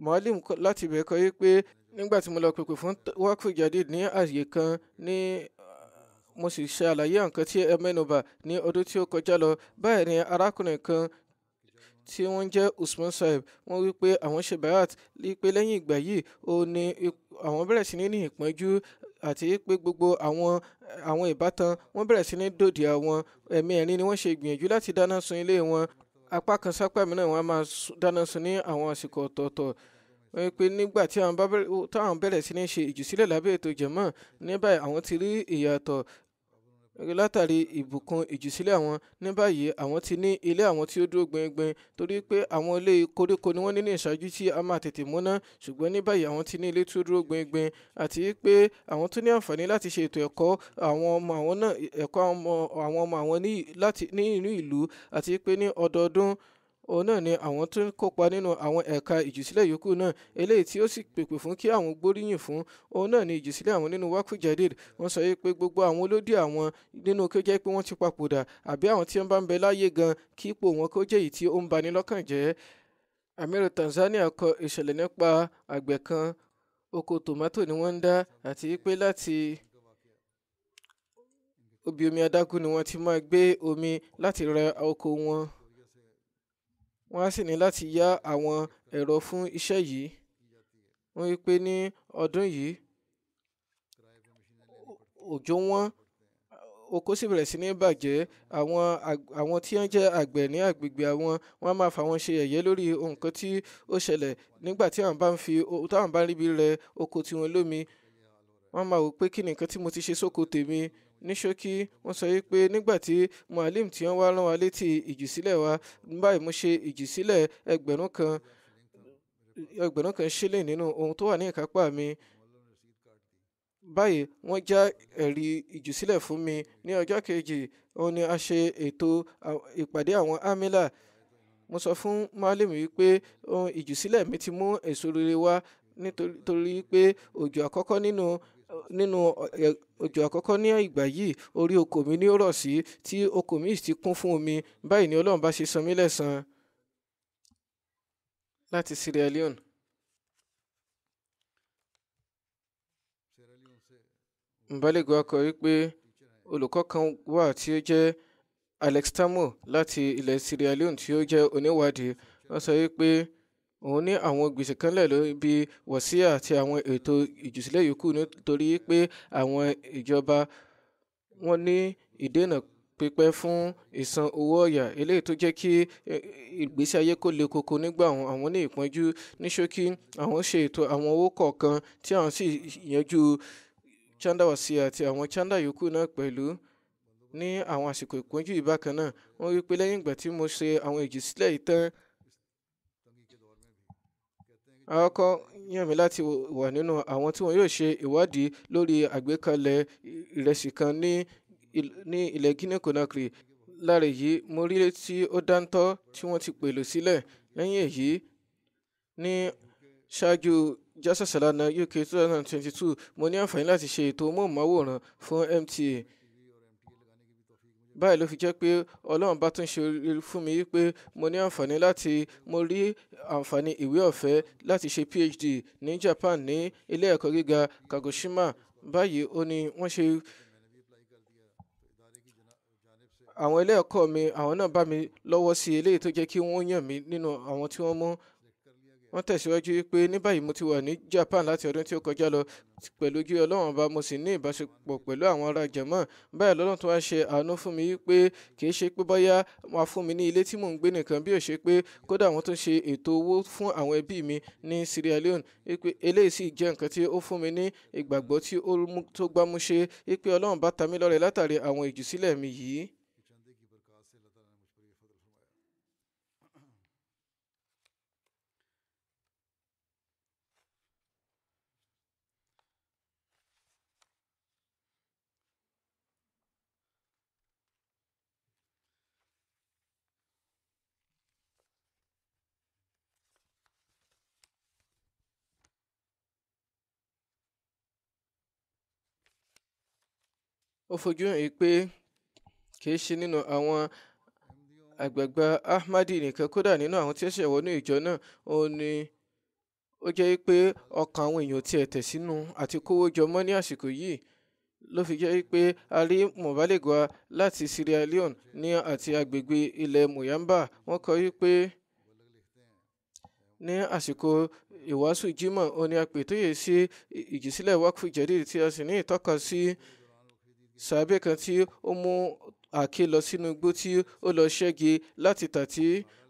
Mualim láti bẹ̀ kọ́ yí pé nígbà tí mo lọ pèpè fún Wakfu Jadid ní àyè kan ní mo sì ṣe àlàyé nǹkan tí ẹ mẹ́nubà ní ọdún tí ó kọjá lọ báyìí ni arákùnrin kan tí wọ́n jẹ́ Usman Saib wọ́n wí pé àwọn ṣe bayat pé lẹ́yìn ìgbà yìí ó ní àwọn bẹ̀rẹ̀ sí ní ní ìpọ́njú àti pé gbogbo àwọn àwọn ìbátan wọ́n bẹ̀rẹ̀ sí ní dòdì àwọn ẹ̀mí ẹ̀rín ni wọ́n ṣe gbìyànjú láti dáná sun ilé wọn apá kan sápá mìíràn wọn a máa dáná sun ní àwọn àsìkò ọ̀tọ̀ọ̀tọ̀ wọ́n yí pé nígbà tí àwọn bẹ̀rẹ̀ sí ní ṣe ìjùsílẹ̀ lábẹ́ ètò jẹ̀mọ́ ní báyìí àwọn ti rí ìyàtọ̀ látàrí ìbùkún ìjùsílẹ̀ àwọn ní báyìí àwọn ti ní ilé àwọn tí ó dúró gbẹngbẹn torí pé àwọn ilé koríko ni wọ́n ní ní ìṣáájú tí a máa tètè múná ṣùgbọ́n ní báyìí àwọn ti ní ilé tí ó dúró gbẹngbẹn àti pé àwọn tó ní àǹfààní láti ṣe ètò ẹ̀kọ́ àwọn ọmọ àwọn náà ẹ̀kọ́ àwọn ọmọ àwọn ní ìlú àti pé ní ọdọọdún òun náà ni àwọn tó ń kópa nínú àwọn ẹ̀ka ìjùsílẹ̀ yòókù náà eléyìí tí ó sì pèpè fún kí àwọn gbóríyìn fún òun náà ni ìjùsílẹ̀ àwọn nínú wákù jadid wọ́n sọ pé gbogbo àwọn olódì àwọn nínú kó jẹ́ pé wọ́n ti papòdà àbí àwọn tí wọ́n bá ń bẹ láyé gan kí ipò wọn kó jẹ́ èyí tí ó ń bani lọ́kàn jẹ́ amiru Tanzania kọ ìṣẹ̀lẹ̀ nípa àgbẹ̀ kan oko tòmátò ni wọ́n ń dá àti pé láti obì omi adágún ni wọ́n ti máa gbé omi láti rẹ oko wọn wọ́n á sì ní láti yá àwọn ẹ̀rọ fún iṣẹ́ yìí wọ́n wí pé ní ọdún yìí òjò wọn oko sì bẹ̀rẹ̀ sí ní bàjẹ́ àwọn àwọn tí wọ́n jẹ́ àgbẹ̀ ní agbègbè àwọn wọ́n á máa fà wọ́n ṣe ẹ̀yẹ́ lórí nǹkan tí ó ṣẹlẹ̀ nígbà tí àwọn bá ń fi táwọn bá ríbi rẹ oko tiwọn lómi wọ́n máa wò pé kí ni tí mo ti ṣe sóko tèmi ní ṣókí wọ́n sọ wípé nígbà tí mualim tí wọ́n wá rán wa létí ìjùsílẹ̀ wa báyìí mo ṣe ìjùsílẹ̀ ẹgbẹ̀rún kan ẹgbẹ̀rún kan ṣílẹ̀ nínú ohun tó wà ní ìkápá mi báyìí wọ́n já ẹ̀rí ìjùsílẹ̀ fún mi ní ọjọ́ kejì òun ni a ṣe ètò ìpàdé àwọn amílà mo sọ fún mualim wípé ohun ìjùsílẹ̀ mi ti mú èso rere wá nítorí pé òjò àkọ́kọ́ nínú nínú e, òjò àkọ́kọ́ ní ìgbà yìí orí oko mi ní ó rọ̀ sí tí oko mi sì kún fún omi báyìí ni ọlọ́run bá ṣe san mí lẹ́san láti Sierra Leone. Mbalego akọ wípé olùkọ́ kan wà tí ó jẹ́ Alex Tamo láti ilẹ̀ Sierra Leone tí ó jẹ́ oníwádìí wọ́n sọ wípé òun ní àwọn gbèsè kan lẹ̀ lórí bí wọ̀síà àti àwọn ètò ìjùsílẹ̀ yòókù nítorí pé àwọn ìjọba wọn ní ìdènà pípẹ́ fún ìsan owó ọ̀yà eléyìí tó jẹ́ kí ìgbésí ayé kó le koko nígbà àwọn ní ìpọ́njú ní ṣókí àwọn ṣe ètò àwọn owó kọ̀ọ̀kan tí àwọn sì yanjú chanda wọ̀síà àti àwọn chanda yòókù náà pẹ̀lú ní àwọn àsìkò ìpọ́njú ìbákan náà wọ́n rí i pé lẹ́yìn ìgbà tí mo ṣe àwọn ìjùsílẹ̀ yìí tán àkọ́kọ́ yàn mí láti wà nínú àwọn tí wọn yóò ṣe ìwádìí lórí àgbékalẹ̀ ìrẹsì kan ní ní ilẹ̀ Guinea Conakry lára èyí mo rí tí ó dáńtọ́ tí wọ́n ti pèlò sílẹ̀ lẹ́yìn èyí ní ṣáájú jásàsàlánà UK 2022 mo ní àǹfààní láti ṣe ètò mọ̀ọ́mọ́wòrán fún MTA Báyìí ló fi jẹ́ pé Ọlọ́run bá tún ṣe fún mi wípé mo ní àǹfààní láti mo rí àǹfààní ìwé ọ̀fẹ́ láti ṣe PhD ní Japan ní ilé ẹ̀kọ́ gíga Kagoshima. Báyìí ó ní wọ́n ṣe àwọn ilé ẹ̀kọ́ mi àwọn náà bá mi lọ́wọ́ sí eléyìí tó jẹ́ kí wọ́n yàn mí nínú àwọn tí wọ́n mú wọ́n tẹ̀síwájú pé ní báyìí mo ti wà ní Japan láti ọdún tí ó kọjá lọ pẹ̀lú ojú Ọlọ́run ọba mo sì ní ìbáṣepọ̀ pẹ̀lú àwọn ará jẹ̀mọ́ báyìí lọ́lọ́run tó wá ṣe àánú fún mi pé kìí ṣe pé bóyá wọ́n á fún mi ní ilé tí mò ń gbé nìkan bí ó ṣe pé kódà wọ́n tún ṣe ètò owó fún àwọn ẹbí mi ní Sierra Leone pé eléyìí sì jẹ́ nǹkan tí ó fún mi ní ìgbàgbọ́ tí ó gbámúṣé pé Ọlọ́run bá ta mí lọ́rẹ látàrí àwọn ìjùsílẹ̀ mi yìí ó fojú hàn pé kì í ṣe nínú àwọn àgbààgbà Ahmadi nìkan kódà nínú àwọn tí ó ṣẹ̀ wọnú ìjọ náà ó ní ó jẹ́ pé ọkàn àwọn èèyàn ti ẹ̀tẹ̀ sínú àti kówó jọ mọ́ ní àsìkò yìí ló fi jẹ́ pé a rí Mobalighwa láti Sierra Leone ní àti agbègbè ilẹ̀ Moyamba wọ́n kọ wípé ní àsìkò ìwàásù Jímọ̀ ó ní apètóyè sí ìjìsílẹ̀ wákùú jẹ́rìí tí a sì ní ìtọ́ka sí. Si, sàbẹ kan tí ó mú àáké lọ sínú igbó tí ó lọ ṣẹ́gi láti tà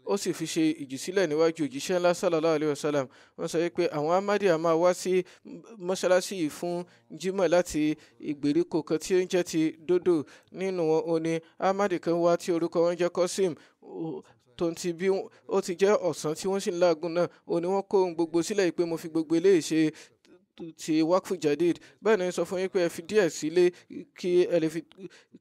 ó sì fi ṣe ìjùsílẹ̀ níwájú òjíṣẹ́ ńlá sallallahu alayhi wa sallam wọ́n sọ pé àwọn amadi a máa wá sí mọ́ṣáláṣí yìí fún jímọ̀ láti ìgbèríko kan tí ó ń jẹ́ ti dodo nínú wọn ó ní amadi kan wá tí orúkọ wọn jẹ́ Qasim tó bí ó ti jẹ́ ọ̀sán tí wọ́n sì ń láàgùn náà ó ní wọ́n kó gbogbo sílẹ̀ pé mo fi gbogbo eléyìí ṣe ti wakfu jadid bẹ́ẹ̀ ni sọ fún yín pé ẹ fi díẹ̀ sílé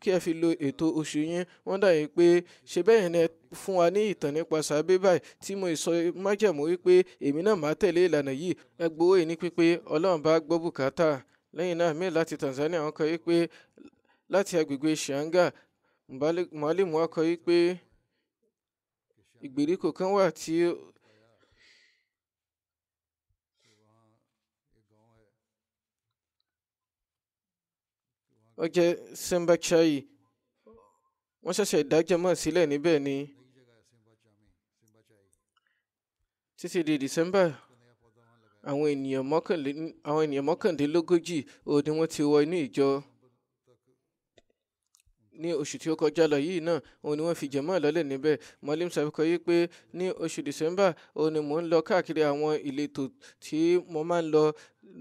kí ẹ fi lo ètò oṣù yín wọ́n dà yín pé ṣe bẹ́ẹ̀ yẹn fún wa ní ìtàn nípa sàbẹ tí mo sọ májẹ̀mú wípé èmi náà máa tẹ̀lé ìlànà yìí ẹ gbowó yìí ní pípé Ọlọ́run bá gbọ́ bùkátà lẹ́yìn náà láti Tanzania wọ́n kọ yìí láti agbègbè wa kọ ó jẹ́ Sembachai wọ́n ṣẹ̀ṣẹ̀ dá jàmá sílẹ̀ ni títí di December àwọn ènìyàn mọ́kàndínlógójì ò ní wọ́n ti wọ inú ìjọ ní oṣù tí ó kọjá lọ yìí náà òun ni wọ́n fi jẹ̀mọ́ lọ́lẹ̀ níbẹ̀ mọ́lẹ́m sàbíkọ yìí pé ní oṣù dìsẹ́mbà òun ni mò ń lọ káàkiri àwọn ìletò tí mo máa ń lọ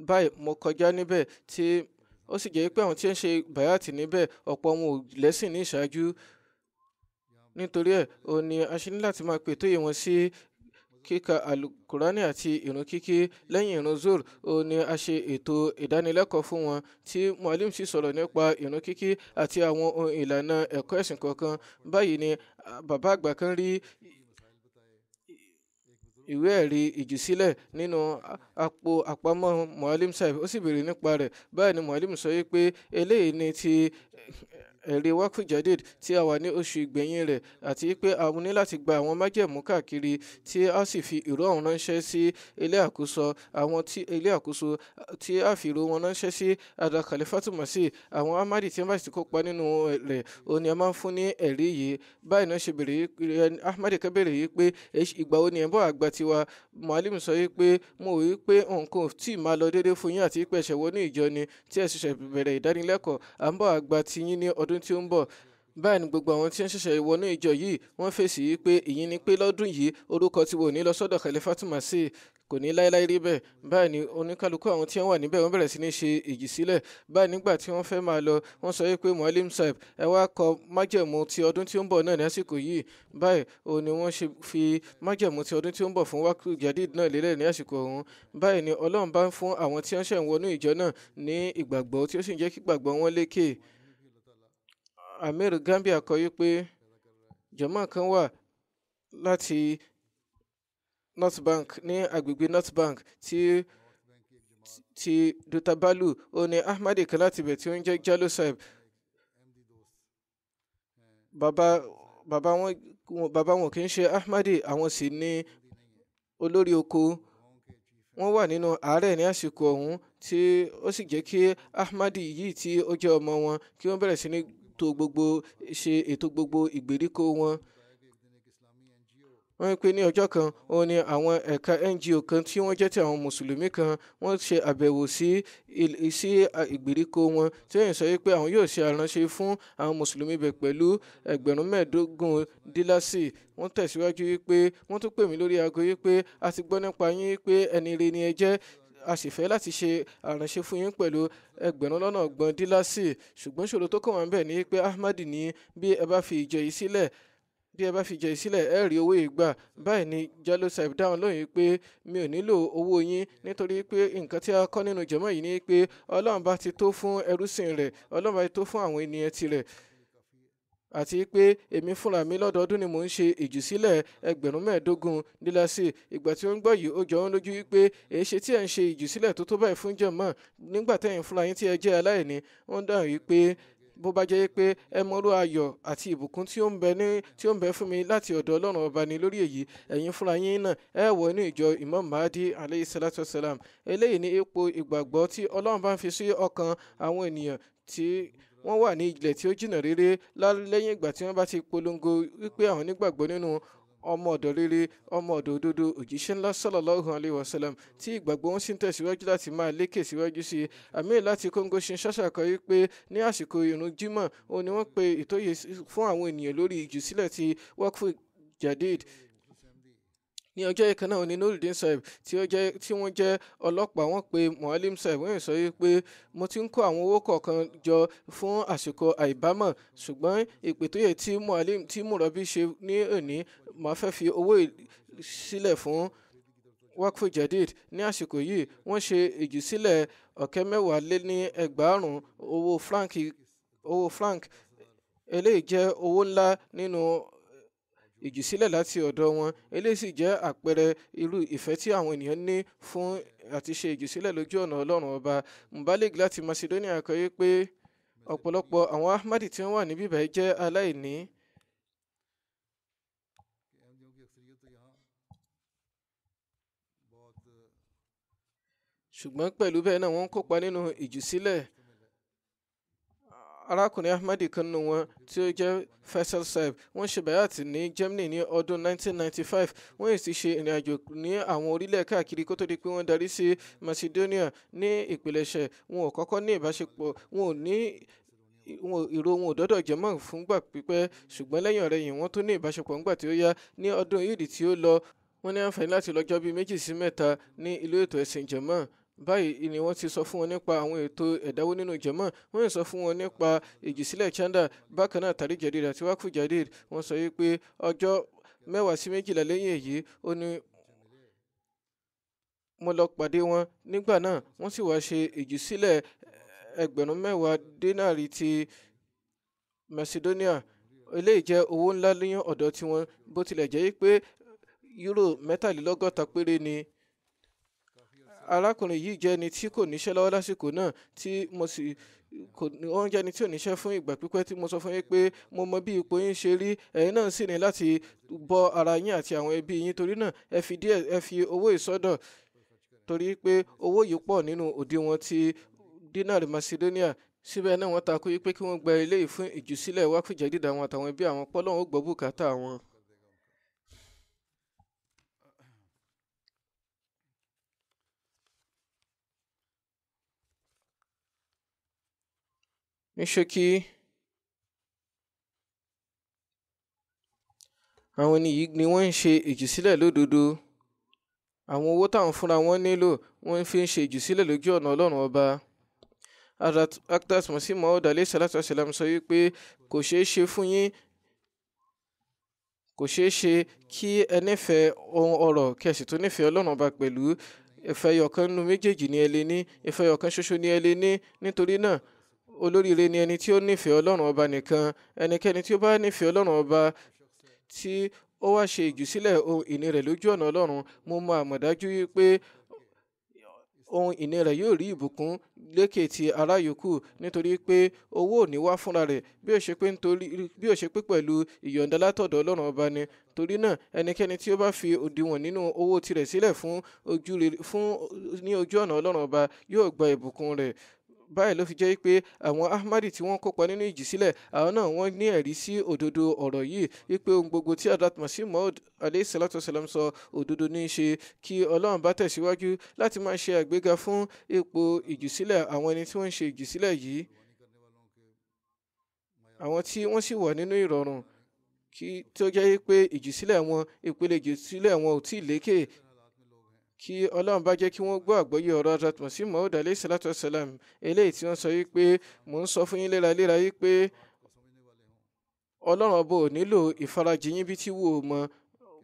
báyìí mo kọjá níbẹ̀ tí ó sì jẹ́ pé àwọn tí ń ṣe bàyàtì níbẹ̀ ọ̀pọ̀ wọn ò lẹ́sìn ní ìṣáájú nítorí ẹ̀ ò ní a ṣe ní láti máa pètò yìí wọn sí kíka alukurani àti ìrun kíkí lẹ́yìn ìrun zoro ó ní a ṣe ètò ìdánilẹ́kọ̀ọ́ fún wọn tí mualim sì sọ̀rọ̀ nípa ìrun kíkí àti àwọn ohun ìlànà ẹ̀kọ́ ẹ̀sìn kọ̀ọ̀kan báyìí ni bàbá àgbà kan rí ìwé ẹ̀rí ìjùsílẹ̀ nínú àpò àpamọ́ Mualim Saheed ó sì béèrè nípa rẹ̀ báyìí ni Mualim sọ wípé eléyìí ni ti ẹ̀rí wákù jadid tí a wà ní oṣù ìgbẹ̀yìn rẹ̀ àti pé a ní láti gba àwọn májẹ̀mú káàkiri tí a sì fi ìró ọ̀hún ránṣẹ́ sí ilé àkóso àwọn tí ilé àkóso tí a fi ìró wọn ránṣẹ́ sí ada khalifatu masi àwọn amadi tí wọ́n bá sì kópa nínú rẹ̀ òun ni a máa ń fún ní ẹ̀rí yìí báyìí náà ṣe bèrè ahmed kábèrè yìí pé ìgbà wo ni ẹ̀ ń bọ̀ àgbà tiwa mualim sọ yìí pé mo wí pé nǹkan tí ì máa lọ déédéé fún yín àti pé ẹ̀ṣẹ̀ wọnú ọdún tí ó ń bọ̀ báyìí ni gbogbo àwọn tí ń ṣẹ̀ṣẹ̀ wọnú ìjọ yìí wọ́n fèsì yìí pé èyí ni pé lọ́dún yìí orúkọ tí wọ́n ní lọ sọ́dọ̀ Khalifatu Masih kò ní láéláé rí bẹ́ẹ̀ báyìí ni oníkálukú àwọn tí wọ́n wà níbẹ̀ wọ́n bẹ̀rẹ̀ sí ní ṣe èjì sílẹ̀ báyìí nígbà tí wọ́n fẹ́ máa lọ wọ́n sọ pé Mualim Saib ẹ wá kọ májẹ̀mú ti ọdún tí ó ń bọ̀ náà ní àsìkò yìí báyìí òun ni wọ́n ṣe fi májẹ̀mú ti ọdún tí ó ń bọ̀ fún wákù jadid náà lélẹ̀ ní àsìkò ọ̀hún báyìí ni Ọlọ́run bá ń fún àwọn tí wọ́n ṣẹ̀ ń wọnú ìjọ náà ní ìgbàgbọ́ tí ó sì jẹ́ kí ìgbàgbọ́ wọn lékè Amir Gambia kọ wípé jọ̀mọ́ kan wà láti North Bank ní agbègbè North Bank tí ti Dutabalu ó ní Ahmadi kan láti ibẹ̀ tí ó ń jẹ́ Jalo Saib bàbá bàbá wọn bàbá wọn kì í ṣe Ahmadi àwọn sì ní olórí oko wọ́n wà nínú àárẹ̀ ní àsìkò ọ̀hún tí ó sì jẹ́ kí Ahmadi yìí tí ó jẹ́ ọmọ wọn kí wọ́n bẹ̀rẹ̀ sí ní ètò gbogbo ṣe ètò gbogbo ìgbèríko wọn wọ́n pe ní ọjọ́ kan òun ni àwọn ẹ̀ka NGO kan tí wọ́n jẹ́ ti àwọn mùsùlùmí kan wọ́n ṣe àbẹ̀wò sí sí ìgbèríko wọn tí wọ́n sọ pé àwọn yóò ṣe àránṣe fún àwọn mùsùlùmí bẹ̀ pẹ̀lú ẹgbẹ̀rún mẹ́ẹ̀ẹ́dógún dílásì wọ́n tẹ̀síwájú wípé wọ́n tún pè mí lórí aago wípé a ti gbọ́ nípa yín wípé ẹni rere ni ẹ jẹ́ a sì fẹ́ láti ṣe àránṣe fún yín pẹ̀lú ẹgbẹ̀rún lọ́nà ọgbọ̀n dílásì ṣùgbọ́n ṣòro tó kàn wá ń bẹ̀ ni pé Ahmad ní bí ẹ bá fi ìjọ yìí sílẹ̀ bí ẹ bá fi jẹ ìsílẹ̀ ẹ rí owó ìgbà báyìí ni jalo saif dáhùn lóyìn pé mi ò nílò owó yín nítorí pé nǹkan tí a kọ́ nínú jẹ̀mọ́ yìí ni pé ọlọ́run bá ti tó fún ẹrúsìn rẹ̀ ọlọ́run bá ti tó fún àwọn ènìyàn tirẹ̀ àti pé èmi fúnra mi lọ́dọọdún ni mò ń ṣe ìjùsílẹ̀ ẹgbẹ̀rún mẹ́ẹ̀ẹ́dógún níláṣẹ ìgbà tí ó ń gbọ́ yìí ó jọ ń lójú wípé èyí ṣe tí ẹ̀ ń ṣe ìjùsílẹ̀ tó tó báyìí fún jàmáà nígbà tẹ̀yìn fúnra yín tí ẹ jẹ́ aláìní wọ́n dáhùn wípé bó bá jẹ́ pé ẹ mọ́rú ayọ̀ àti ìbùkún tí ó ń bẹ ní tí ó ń bẹ fún mi láti ọ̀dọ̀ ọlọ́run ọba ni lórí èyí ẹ̀yin fúnra yín náà ẹ wọ inú ìjọ Imam Mahdi alayhi salatu salam eléyìí ni ipò ìgbàgbọ́ tí ọlọ́run bá ń fi sí ọkàn àwọn ènìyàn tí wọ́n wà ní ilẹ̀ tí ó jìnnà rere lẹ́yìn ìgbà tí wọ́n bá ti polongo wípé àwọn nígbàgbọ́ nínú ọmọ ọ̀dọ̀ rere ọmọ ọ̀dọ̀ òdodo òjíṣẹ́ ńlá sallallahu alaihi wasallam tí ìgbàgbọ́ wọn sì ń tẹ̀síwájú láti máa lékè síwájú sí i àmì láti kóńgó ṣe ṣàṣà kan wípé ní àsìkò ìrun jímọ̀ òun ni wọ́n pe ìtòyè fún àwọn ènìyàn lórí ìjùsílẹ̀ ti waqf jadid ní ọjọ́ ìkan náà ni nurudeen saheed tí wọ́n jẹ́ ọlọ́pàá wọ́n pe mualim saheed wọ́n sọ pé mo ti ń kó àwọn owó kọ̀ọ̀kan jọ fún àsìkò àìbámọ̀ ṣùgbọ́n ìpè tó yẹ tí mualim tí murabi ṣe ní òní màá fẹ́ fi owó sílẹ̀ fún wakfu jadid ní àsìkò yìí wọ́n ṣe ìjùsílẹ̀ ọ̀kẹ́ mẹ́wàá lé ní ẹgbàárùn owó frank owó franc eléyìí jẹ́ owó ńlá nínú ìjì sílẹ̀ láti ọ̀dọ̀ wọn eléyìí sì jẹ́ àpẹẹrẹ irú ìfẹ́ tí àwọn ènìyàn ní fún àti ṣe ìjì sílẹ̀ lójú ọ̀nà ọlọ́run ọba mbalig láti Macedonia kọ yí pé ọ̀pọ̀lọpọ̀ àwọn Ahmadi tí wọ́n wà níbí báyìí jẹ́ aláìní. ṣùgbọ́n pẹ̀lú bẹ́ẹ̀ náà wọ́n kópa nínú ìjì arákùnrin Ahmadi kan nù wọn tí ó jẹ́ Faisal Saib wọ́n ṣe bayat ní Germany ní ọdún 1995 wọ́n yìí sì ṣe ìrìnàjò ní àwọn orílẹ̀ káàkiri kó tó di pé wọ́n darí sí Macedonia ní ìpilẹ̀ṣẹ̀ wọn ò kọ́kọ́ ní ìbáṣepọ̀ wọn ò ní ìró wọn ò dọ́dọ̀ jẹ́ mọ́ fúngbà pípẹ́ ṣùgbọ́n lẹ́yìn ọ̀rẹ́ yìí wọ́n tún ní ìbáṣepọ̀ ńgbà tí ó yá ní ọdún yìí tí ó lọ wọ́n ní àǹfààní láti lọ́jọ́ bíi méjì sí mẹ́ta ní ilé ètò ẹ̀sìn jẹ̀mọ́ báyìí ni wọ́n ti sọ fún wọn nípa àwọn ètò ẹ̀dáwó nínú jẹ̀mọ́ wọ́n yóò sọ fún wọn nípa ìjìsílẹ̀ chanda bákan náà tàrí jadid àti wákù jadid wọ́n sọ yìí pé ọjọ́ mẹ́wàá sí méjìlá lẹ́yìn èyí ó ní mo lọ pàdé wọn nígbà náà wọ́n sì wáá ṣe ìjìsílẹ̀ ẹgbẹ̀rún mẹ́wàá dínárì ti Macedonia eléyìí jẹ́ owó ńlá lẹ́yìn ọ̀dọ̀ tiwọn bó tilẹ̀ jẹ́ pé euro mẹ́tàlélọ́gọ́ta péré ni arákùnrin yìí jẹ́ ẹni tí kò níṣẹ́ lọ́wọ́ lásìkò náà tí mo sì kò ní wọ́n jẹ́ ẹni tí ò níṣẹ́ fún ìgbà pípẹ́ tí mo sọ fún yín pé mo mọ bí ipò yín ṣe rí ẹ̀yin náà sì ní láti bọ ara yín àti àwọn ẹbí yín torí náà ẹ fi díẹ̀ ẹ fi owó ìsọdọ̀ torí pé owó yìí pọ̀ nínú òdiwọ̀n ti dinar Macedonia síbẹ̀ náà wọ́n takú yí pé kí wọ́n gba eléyìí fún ìjùsílẹ̀ wákùjẹ́ dídà wọn àtàwọn ẹbí àwọn pọ́lọ́hún ní ṣókí àwọn ẹni yìí ni wọ́n ń ṣe ìjùsílẹ̀ lódodo àwọn owó táwọn fúnra wọn nílò wọ́n fi ń ṣe ìjùsílẹ̀ lójú ọ̀nà ọlọ́run ọba actas mọ̀sí mọ́ọ́d alẹ́ sàlátà sàlám sọ wípé kò ṣeé ṣe fún yín kò ṣeé ṣe kí ẹ nífẹ̀ẹ́ ohun ọ̀rọ̀ kí ẹ sì tún nífẹ̀ẹ́ ọlọ́run ọba pẹ̀lú ìfẹ́yọ̀kan nínú méjèèjì ni ẹ lè ní ìfẹ́yọ̀kan ṣoṣo ni ẹ lè ní nítorí náà olóríire ni ẹni tí ó nífẹ̀ẹ́ ọlọ́run ọba nìkan ẹnikẹ́ni tí ó bá nífẹ̀ẹ́ ọlọ́run ọba tí ó wá ṣe ìjùsílẹ̀ ohun ìní rẹ̀ lójú ọ̀nà ọlọ́run mo mọ àmọ̀dájú pé ohun ìní rẹ̀ yóò rí ìbùkún lékè ti ará yòókù nítorí pé owó ò ní wá fúnra rẹ̀ bí ó ṣe pé pẹ̀lú ìyọ̀ǹda látọ̀dọ̀ ọlọ́run ọba ni torí náà ẹnikẹ́ni tí ó bá fi òdiwọ̀n nínú owó tirẹ̀ sílẹ̀ fún ní ojú ọ̀nà ọlọ́run ọba yóò gba ìbùkún rẹ̀ báyìí ló fi jẹ́ pé àwọn Ahmadi tí wọ́n kópa nínú ìjì sílẹ̀ àwọn náà wọ́n ní ẹ̀rí sí òdodo ọ̀rọ̀ yìí wípé ohun gbogbo tí Hadrat Masih Maud salatu wasalam sọ òdodo ní í ṣe kí Ọlọ́run bá tẹ̀síwájú láti máa ṣe àgbéga fún ipò ìjì sílẹ̀ àwọn ẹni tí wọ́n ń ṣe ìjì sílẹ̀ yìí àwọn tí wọ́n sì wà nínú ìrọ̀rùn kí tó jẹ́ pé ìjì wọn ìpele ìjì wọn ò tí ì lékè kí ọlọ́run bá jẹ́ kí wọ́n gbọ́ àgbọ́yé ọ̀rọ̀ ratmọ̀ sí Maud alayhi salatu wasalam eléyìí tí wọ́n sọ yìí pé mò ń sọ fún yín léraléra yìí pé ọlọ́run ọba ò nílò ìfarajìn yín bí tí wò ó mọ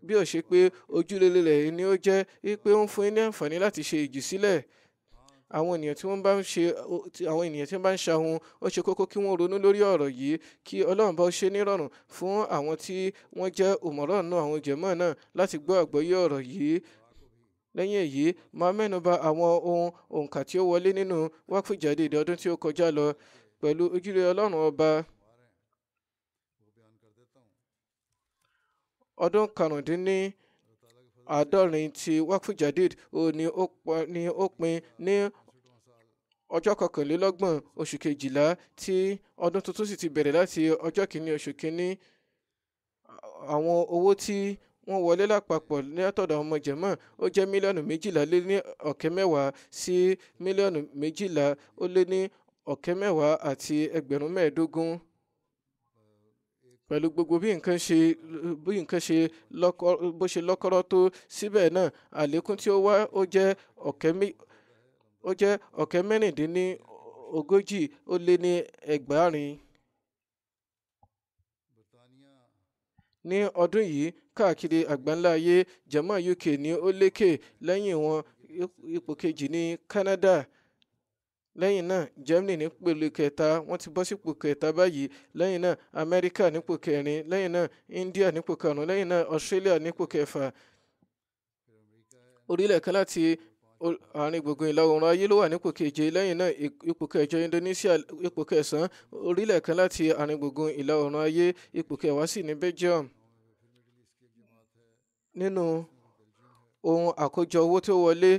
bí ó ṣe pé ojúlélẹ̀ rẹ̀ ni ó jẹ́ pé ó ń fún yín ní àǹfààní láti ṣe ìjùsílẹ̀ àwọn ènìyàn tí wọ́n bá ń ṣe àwọn ènìyàn tí wọ́n bá ń ṣahun ó ṣe kókó kí wọ́n ronú lórí ọ̀rọ̀ yìí kí ọlọ́run bá ṣe nírọ̀rùn fún àwọn tí wọ́n jẹ́ òmọ̀ràn náà àwọn jẹ̀mọ́ náà láti gbọ́ àgbọ́yé ọ̀rọ̀ yìí lẹ́yìn èyí máa mẹ́nuba àwọn ohun òǹkà tí ó wọlé nínú wákìfù jadid ọdún tí ó kọjá lọ pẹ̀lú ojúlé ọlọ́run ọba ọdún karùndínní àádọ́rin ti wákìfù jadid ni ó pin ní ọjọ́ kọkànlélọ́gbọ̀n oṣù kejìlá tí ọdún tuntun sì ti bẹ̀rẹ̀ láti ọjọ́ kìíní oṣù kìíní àwọn owó tí wọ́n wọlé lápapọ̀ látọ̀dọ̀ ọmọ jẹ̀mọ́ ó jẹ́ mílíọ̀nù méjìlá lé ní ọ̀kẹ́ mẹ́wàá sí mílíọ̀nù méjìlá ó lé ní ọ̀kẹ́ mẹ́wàá àti ẹgbẹ̀rún mẹ́ẹ̀ẹ́dógún pẹ̀lú gbogbo bí nǹkan ṣe bí nǹkan ṣe lọ́kọ́ bó ṣe lọ́kọ́rọ́ tó síbẹ̀ náà àlékún tí ó wá ó jẹ́ ọ̀kẹ́ mi ó jẹ́ ọ̀kẹ́ mẹ́rìndínlógójì ó lé ní ẹgbàárin ní ọdún yìí káàkiri àgbáńlá ayé german uk ni ó lékè lẹ́yìn wọn ipò kejì ní Canada lẹ́yìn náà Germany nípele kẹta wọ́n ti bọ́ sípò kẹta báyìí lẹ́yìn náà America nípò kẹrin lẹ́yìn náà India nípò karùn-ún lẹ́yìn náà Australia nípò kẹfà orílẹ̀ kan láti àárín gbùngbùn ìlà oòrùn ayé ló wà nípò keje lẹ́yìn náà ipò kẹjọ Indonesia ipò kẹsàn-án orílẹ̀ kan láti àárín gbùngbùn ìlà oòrùn ayé ipò kẹwàá sì ní Belgium nínú ohun àkójọ owó tó wọlé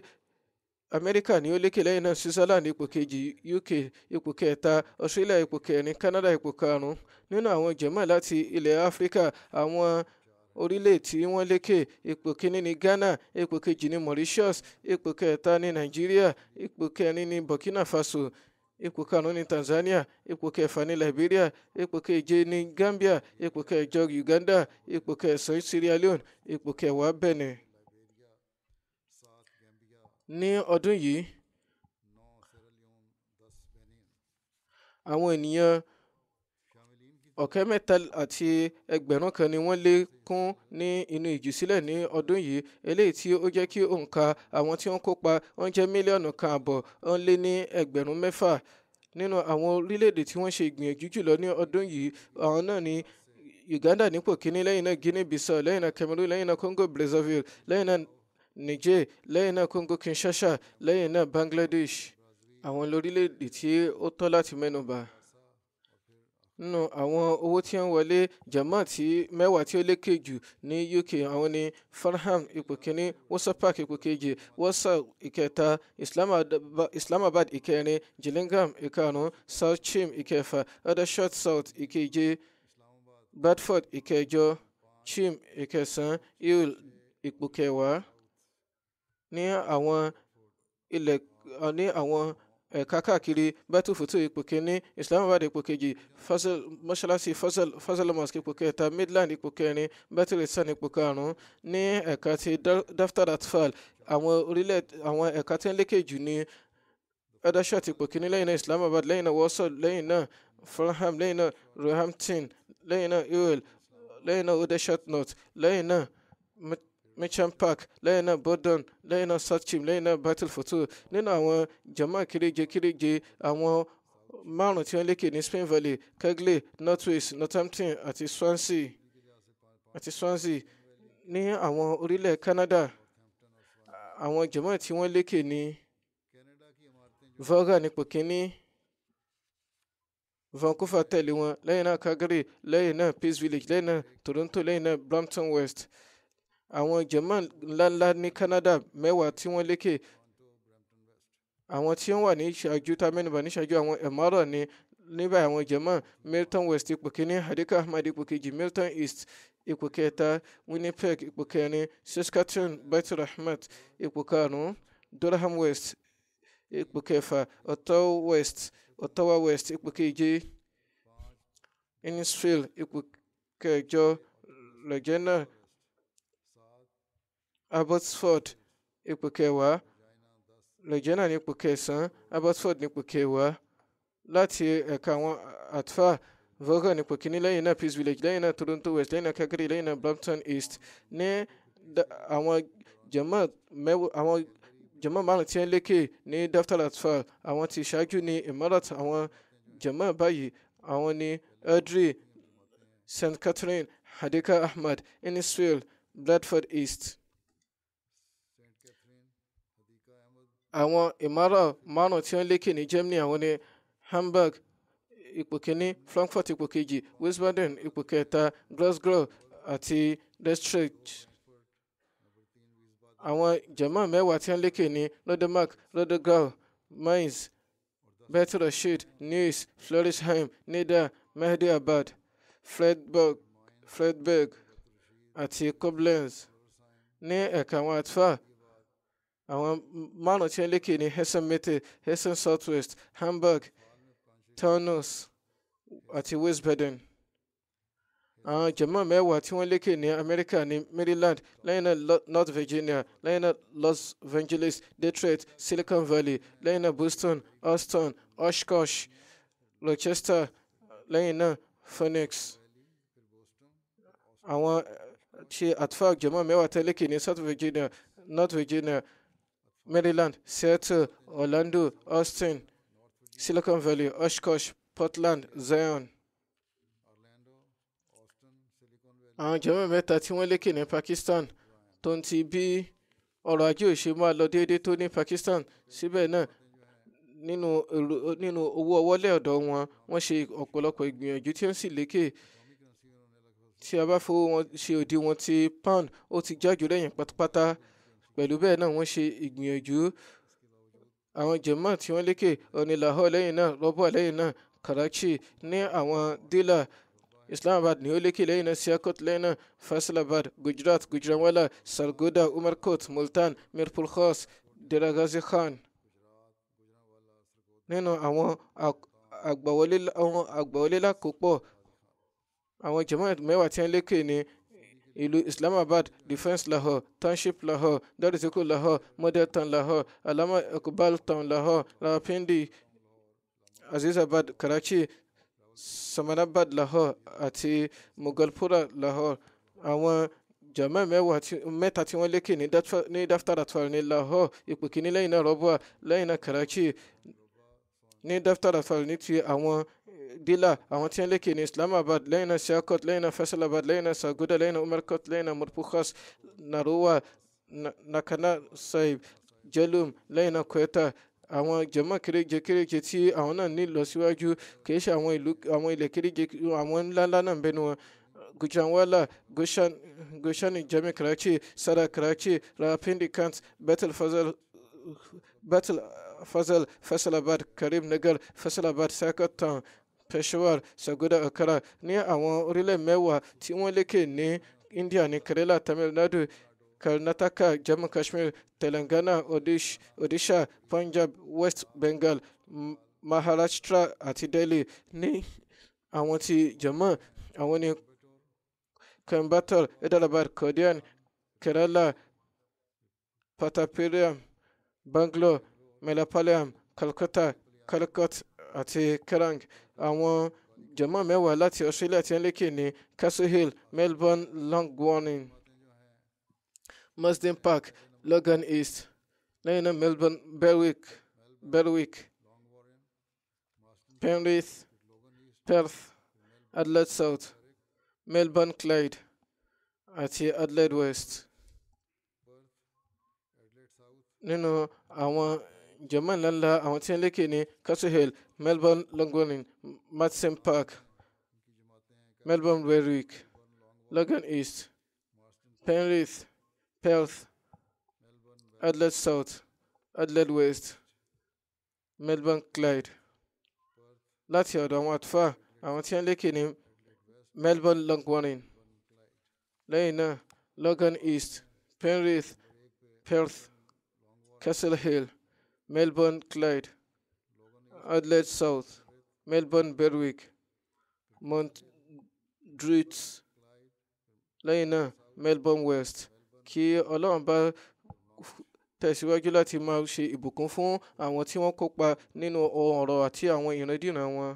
amẹ́ríkà ní ó lékè lẹ́yìn náà switzerland ipò kejì uk ipò kẹta australia ipò kẹrin canada ipò karùn-ún nínú àwọn jẹ̀mọ́ láti ilẹ̀ áfíríkà àwọn orílẹ̀ tí wọ́n lékè ipò kínní ní Ghana ipò kejì ní Mauritius ipò kẹta ní Nàìjíríà ipò kẹrin ní Burkina Faso ipò karùn-ún ní Tanzania ipò kẹfà ní Liberia ipò keje ní Gambia ipò kẹjọ Uganda ipò kẹsàn-án Sierra Leone ipò kẹwàá Benin. ní ọdún yìí àwọn ènìyàn ọ̀kẹ́ mẹ́tàlá àti ẹgbẹ̀rún kan ni wọ́n lé kún ní inú ìjùsílẹ̀ ní ọdún yìí eléyìí tí ó jẹ́ kí òǹkà àwọn tí wọ́n kópa wọ́n jẹ́ mílíọ̀nù kan àbọ̀ wọ́n lé ní ẹgbẹ̀rún mẹ́fà nínú àwọn orílẹ̀-èdè tí wọ́n ṣe ìgbìyànjú jùlọ ní ọdún yìí àwọn náà ni Uganda nípò kíní lẹ́yìn náà Guinea Bissau lẹ́yìn náà Cameroon lẹ́yìn náà Congo Brazzaville lẹ́yìn náà Niger lẹ́yìn náà Congo Kinshasa lẹ́yìn náà Bangladesh àwọn lórílẹ̀-èdè tí ó tọ́ láti mẹ́nubà nínú àwọn owó tí ó ń wọlé jamaat tí mẹ́wàá tí ó lékè jù ní UK àwọn ni Farnham ipò kínní Wasapak ipò kejì Walsall ìkẹta Islamabad ìkẹrin Gillingham ìkarùn-ún South Chim ìkẹfà Aldershot South ìkeje Bedford ìkẹjọ Chim ìkẹsàn-án Hull ipò kẹwàá ní àwọn ilẹ̀ ní àwọn ẹ̀ka káàkiri bẹ́tù fòtò ipò kínní Islamabad ipò kejì mọ́ṣáláṣí Fazal mosque ipò kẹta Midland ipò kẹrin bẹ́tù rìsàn ipò karùn-ún ní ẹ̀ka ti Daftar Atfal àwọn orílẹ̀ àwọn ẹ̀ka tí ń lékè jù ní Edashot ipò kínní lẹ́yìn náà Islamabad lẹ́yìn náà Warsaw lẹ́yìn náà Fulham lẹ́yìn náà Roehampton lẹ́yìn náà Ewell lẹ́yìn náà Odeshot North lẹ́yìn náà mitcham park lẹ́yìn náà borden lẹ́yìn náà sachin lẹ́yìn náà battle for two nínú àwọn jama kéréje kéréje àwọn márùn tí wọ́n lékè ní Spain Valley Kegley Northwest Northampton àti Swansea àti Swansea ní àwọn orílẹ̀ Canada àwọn jama tí wọ́n lékè ní Volga nípò kínní. Vancouver tẹ̀lé wọn lẹ́yìn náà Calgary lẹ́yìn náà Peace Village lẹ́yìn náà Toronto lẹ́yìn náà Brampton West àwọn jàmáà ńláńlá ní Canada mẹ́wàá tí wọ́n lékè àwọn tí wọ́n wà ní ìṣáájú tamẹ́nubà níṣáájú àwọn ẹ̀mọ́rọ̀ ni níbà àwọn jàmáà Milton West ipò kínní Hadika Ahmad ipò kejì Milton East ipò kẹta Winnipeg ipò kẹrin Saskatoon Baitul Rahmat ipò karùn Durham West ipò kẹfà Ottawa West Ottawa West ipò keje Innisfail ipò kẹjọ Regina abbotsford ipò kẹwàá lọ́jọ́nà ní ipò kẹsàn-án abbotsford ní ipò kẹwàá láti ẹ̀ka àwọn atfa vogan ní ipò kìíní lẹ́yìn náà peace village lẹ́yìn náà toronto west lẹ́yìn náà calgary lẹ́yìn náà brampton east ní àwọn jẹ̀mọ́ mẹ́wọ́ àwọn jẹ̀mọ́ márùn tí ń lékè ní daftar atfa àwọn tí ṣáájú ní emirat àwọn jẹ̀mọ́ báyìí àwọn ní audrey st catherine hadika ahmad in bradford east. àwọn ìmárà márùn tí ó ń lékè ní Germany àwọn ni Hamburg ipò kìíní Frankfurt ipò kejì Wiesbaden ipò kẹta Glasgow àti Maastricht àwọn jàmáà mẹ́wàá tí ó ń lékè ní Rodemark Rodogau Mainz Betrosheed Neuss Florisheim Nida Mehdiabad Fredberg Fredberg àti Koblenz ní ẹ̀ka àwọn àtúfà àwọn mano tí lékè ní Hessen Mitte Hessen Southwest Hamburg Taunus àti West Baden àwọn jẹ̀mọ́ mẹ́wàá tí wọ́n lékè ní ní Maryland lẹ́yìn North Virginia lẹ́yìn Los Angeles Detroit Silicon Valley lẹ́yìn Boston Austin Oshkosh Rochester lẹ́yìn Phoenix àwọn ṣe eh, atfag jẹ̀mọ́ mewa tẹ́lẹ̀kì ní South Virginia North Virginia Maryland, Seattle, Orlando, Austin, Silicon Valley, Oshkosh, Portland, Zion. àwọn jẹ́mọ̀ mẹ́ta tí wọ́n lékè ní Pakistan tó ń ti bí ọrọ̀ ajé òṣè máa lọ déédéé tó ní Pakistan síbẹ̀ náà nínú owó ọwọ́lẹ̀ ọ̀dọ̀ wọn wọ́n ṣe ọ̀pọ̀lọpọ̀ ìgbìyànjú tí ó ń sì lékè tí a bá fowó wọn ṣe òdiwọ̀n ti pound ó ti jájú lẹ́yìn pátápátá. Pẹ̀lú bẹ́ẹ̀ náà wọ́n ṣe ìgbìyànjú àwọn Jamaat tí wọ́n lékè ọ̀ní Lahore lẹ́yìn náà, Rọ́bà lẹ́yìn náà, Karachi ní àwọn dílà Islamabad ni ó lékè lẹ́yìn náà Sialkot lẹ́yìn náà Faisalabad, Gujarat, Gujranwala, Sargoda, Umarkot, Multan, Mirpur Khas, Dera Ghazi Khan. Nínú àwọn àgbàwọlé lákòópọ̀ àwọn Jamaat mẹ́wàá tí wọ́n lékè ni ìlú Islamabad Defence Lahore Township Lahore Dadisiku Lahore Model Town Lahore Alama Iqbal Town Lahore Rawalpindi Azizabad Karachi Samanabad Lahore àti Mughal-pura Lahore àwọn jama mẹ́wàá mẹ́ta tí wọ́n lékè ní daftara twelve ní Lahore ipò kìíní lẹ́yìn náà Rọ́bùà lẹ́yìn náà Karachi ní daftara ní ti àwọn dila àwọn tí wọ́n lékè ní islamabad lẹ́yìn náà siakot lẹ́yìn náà faisalabad lẹ́yìn náà saguda lẹ́yìn náà umarkot lẹ́yìn náà naruwa nakana saib jelum lẹ́yìn náà kweta àwọn jẹ̀mọ́ kéréje kéréje tí àwọn náà ní ìlọsíwájú kìí ṣe àwọn ìlú àwọn ilẹ̀ kéréje àwọn ńláńlá náà ń bẹnu wọn gujanwala goshan goshani jami karachi sara karachi rawalpindi kant betel fazal battle fazal faisalabad karim nagar faisalabad sakot town Peshawar Sagoda Akara ní àwọn orílẹ̀ mẹ́wàá tí wọ́n lékè ní India ní Kerala Tamil Nadu Karnataka Jammu Kashmir Telangana Odish, Odisha Punjab West Bengal Maharashtra àti Delhi ní àwọn ti Jammu àwọn ní Coimbatore Hyderabad Kodian Kerala Patapiriam Bangalore Melapalayam Calcutta Calicut àti kerrang àwọn jọ̀mọ́ mẹ́wàá láti Australia tí wọ́n lékè ní Castle Hill Melbourne Long Warning, Marsden Park Logan East lẹ́yìn náà Melbourne Berwick Berwick Penrith Perth Adelaide South Melbourne Clyde àti Adelaide West nínú àwọn german lala àwọn tí castle hill melbourne longonin Madsen park melbourne berwick logan east penrith perth adelaide south adelaide west melbourne clyde Latia, ọ̀dọ̀ àwọn àtúfà melbourne longonin lẹ́yìn logan east penrith perth castle hill. Melbourne, Clyde, Adelaide South, Melbourne, Berwick, Mount Druitt, náà Melbourne West. Kí Ọlọ́run bá tẹ̀síwájú láti máa ṣe ìbùkún fún àwọn tí wọ́n kópa nínú ọ̀rọ̀ àti àwọn ìrandíran wọn.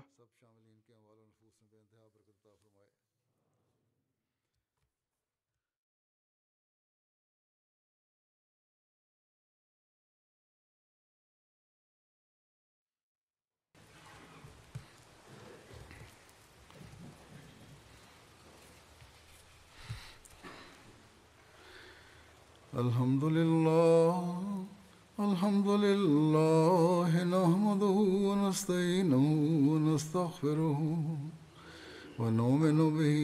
الحمد لله الحمد لله نحمده ونستعينه ونستغفره ونؤمن به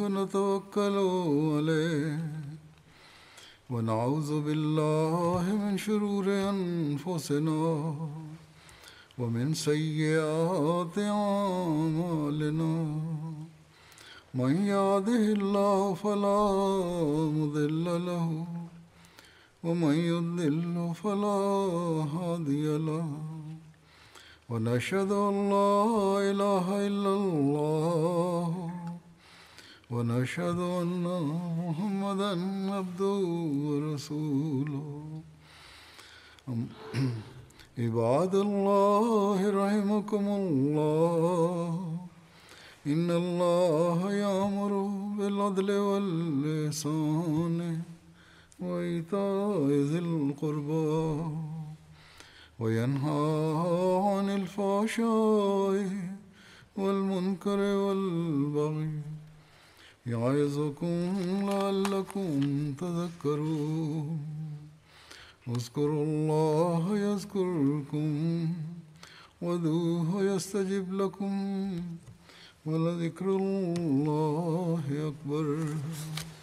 ونتوكل عليه ونعوذ بالله من شرور أنفسنا ومن سيئات أعمالنا من يهده الله فلا مضل له ومن يضلل فلا هادي له ونشهد أن لا إله إلا الله ونشهد أن محمدا عبده ورسوله عباد الله رحمكم الله إن الله يأمر بالعدل واللسان وإيتاء ذي القربى وينهى عن الفحشاء والمنكر والبغي يعظكم لعلكم تذكرون اذكروا الله يذكركم ودوه يستجب لكم ولذكر الله أكبر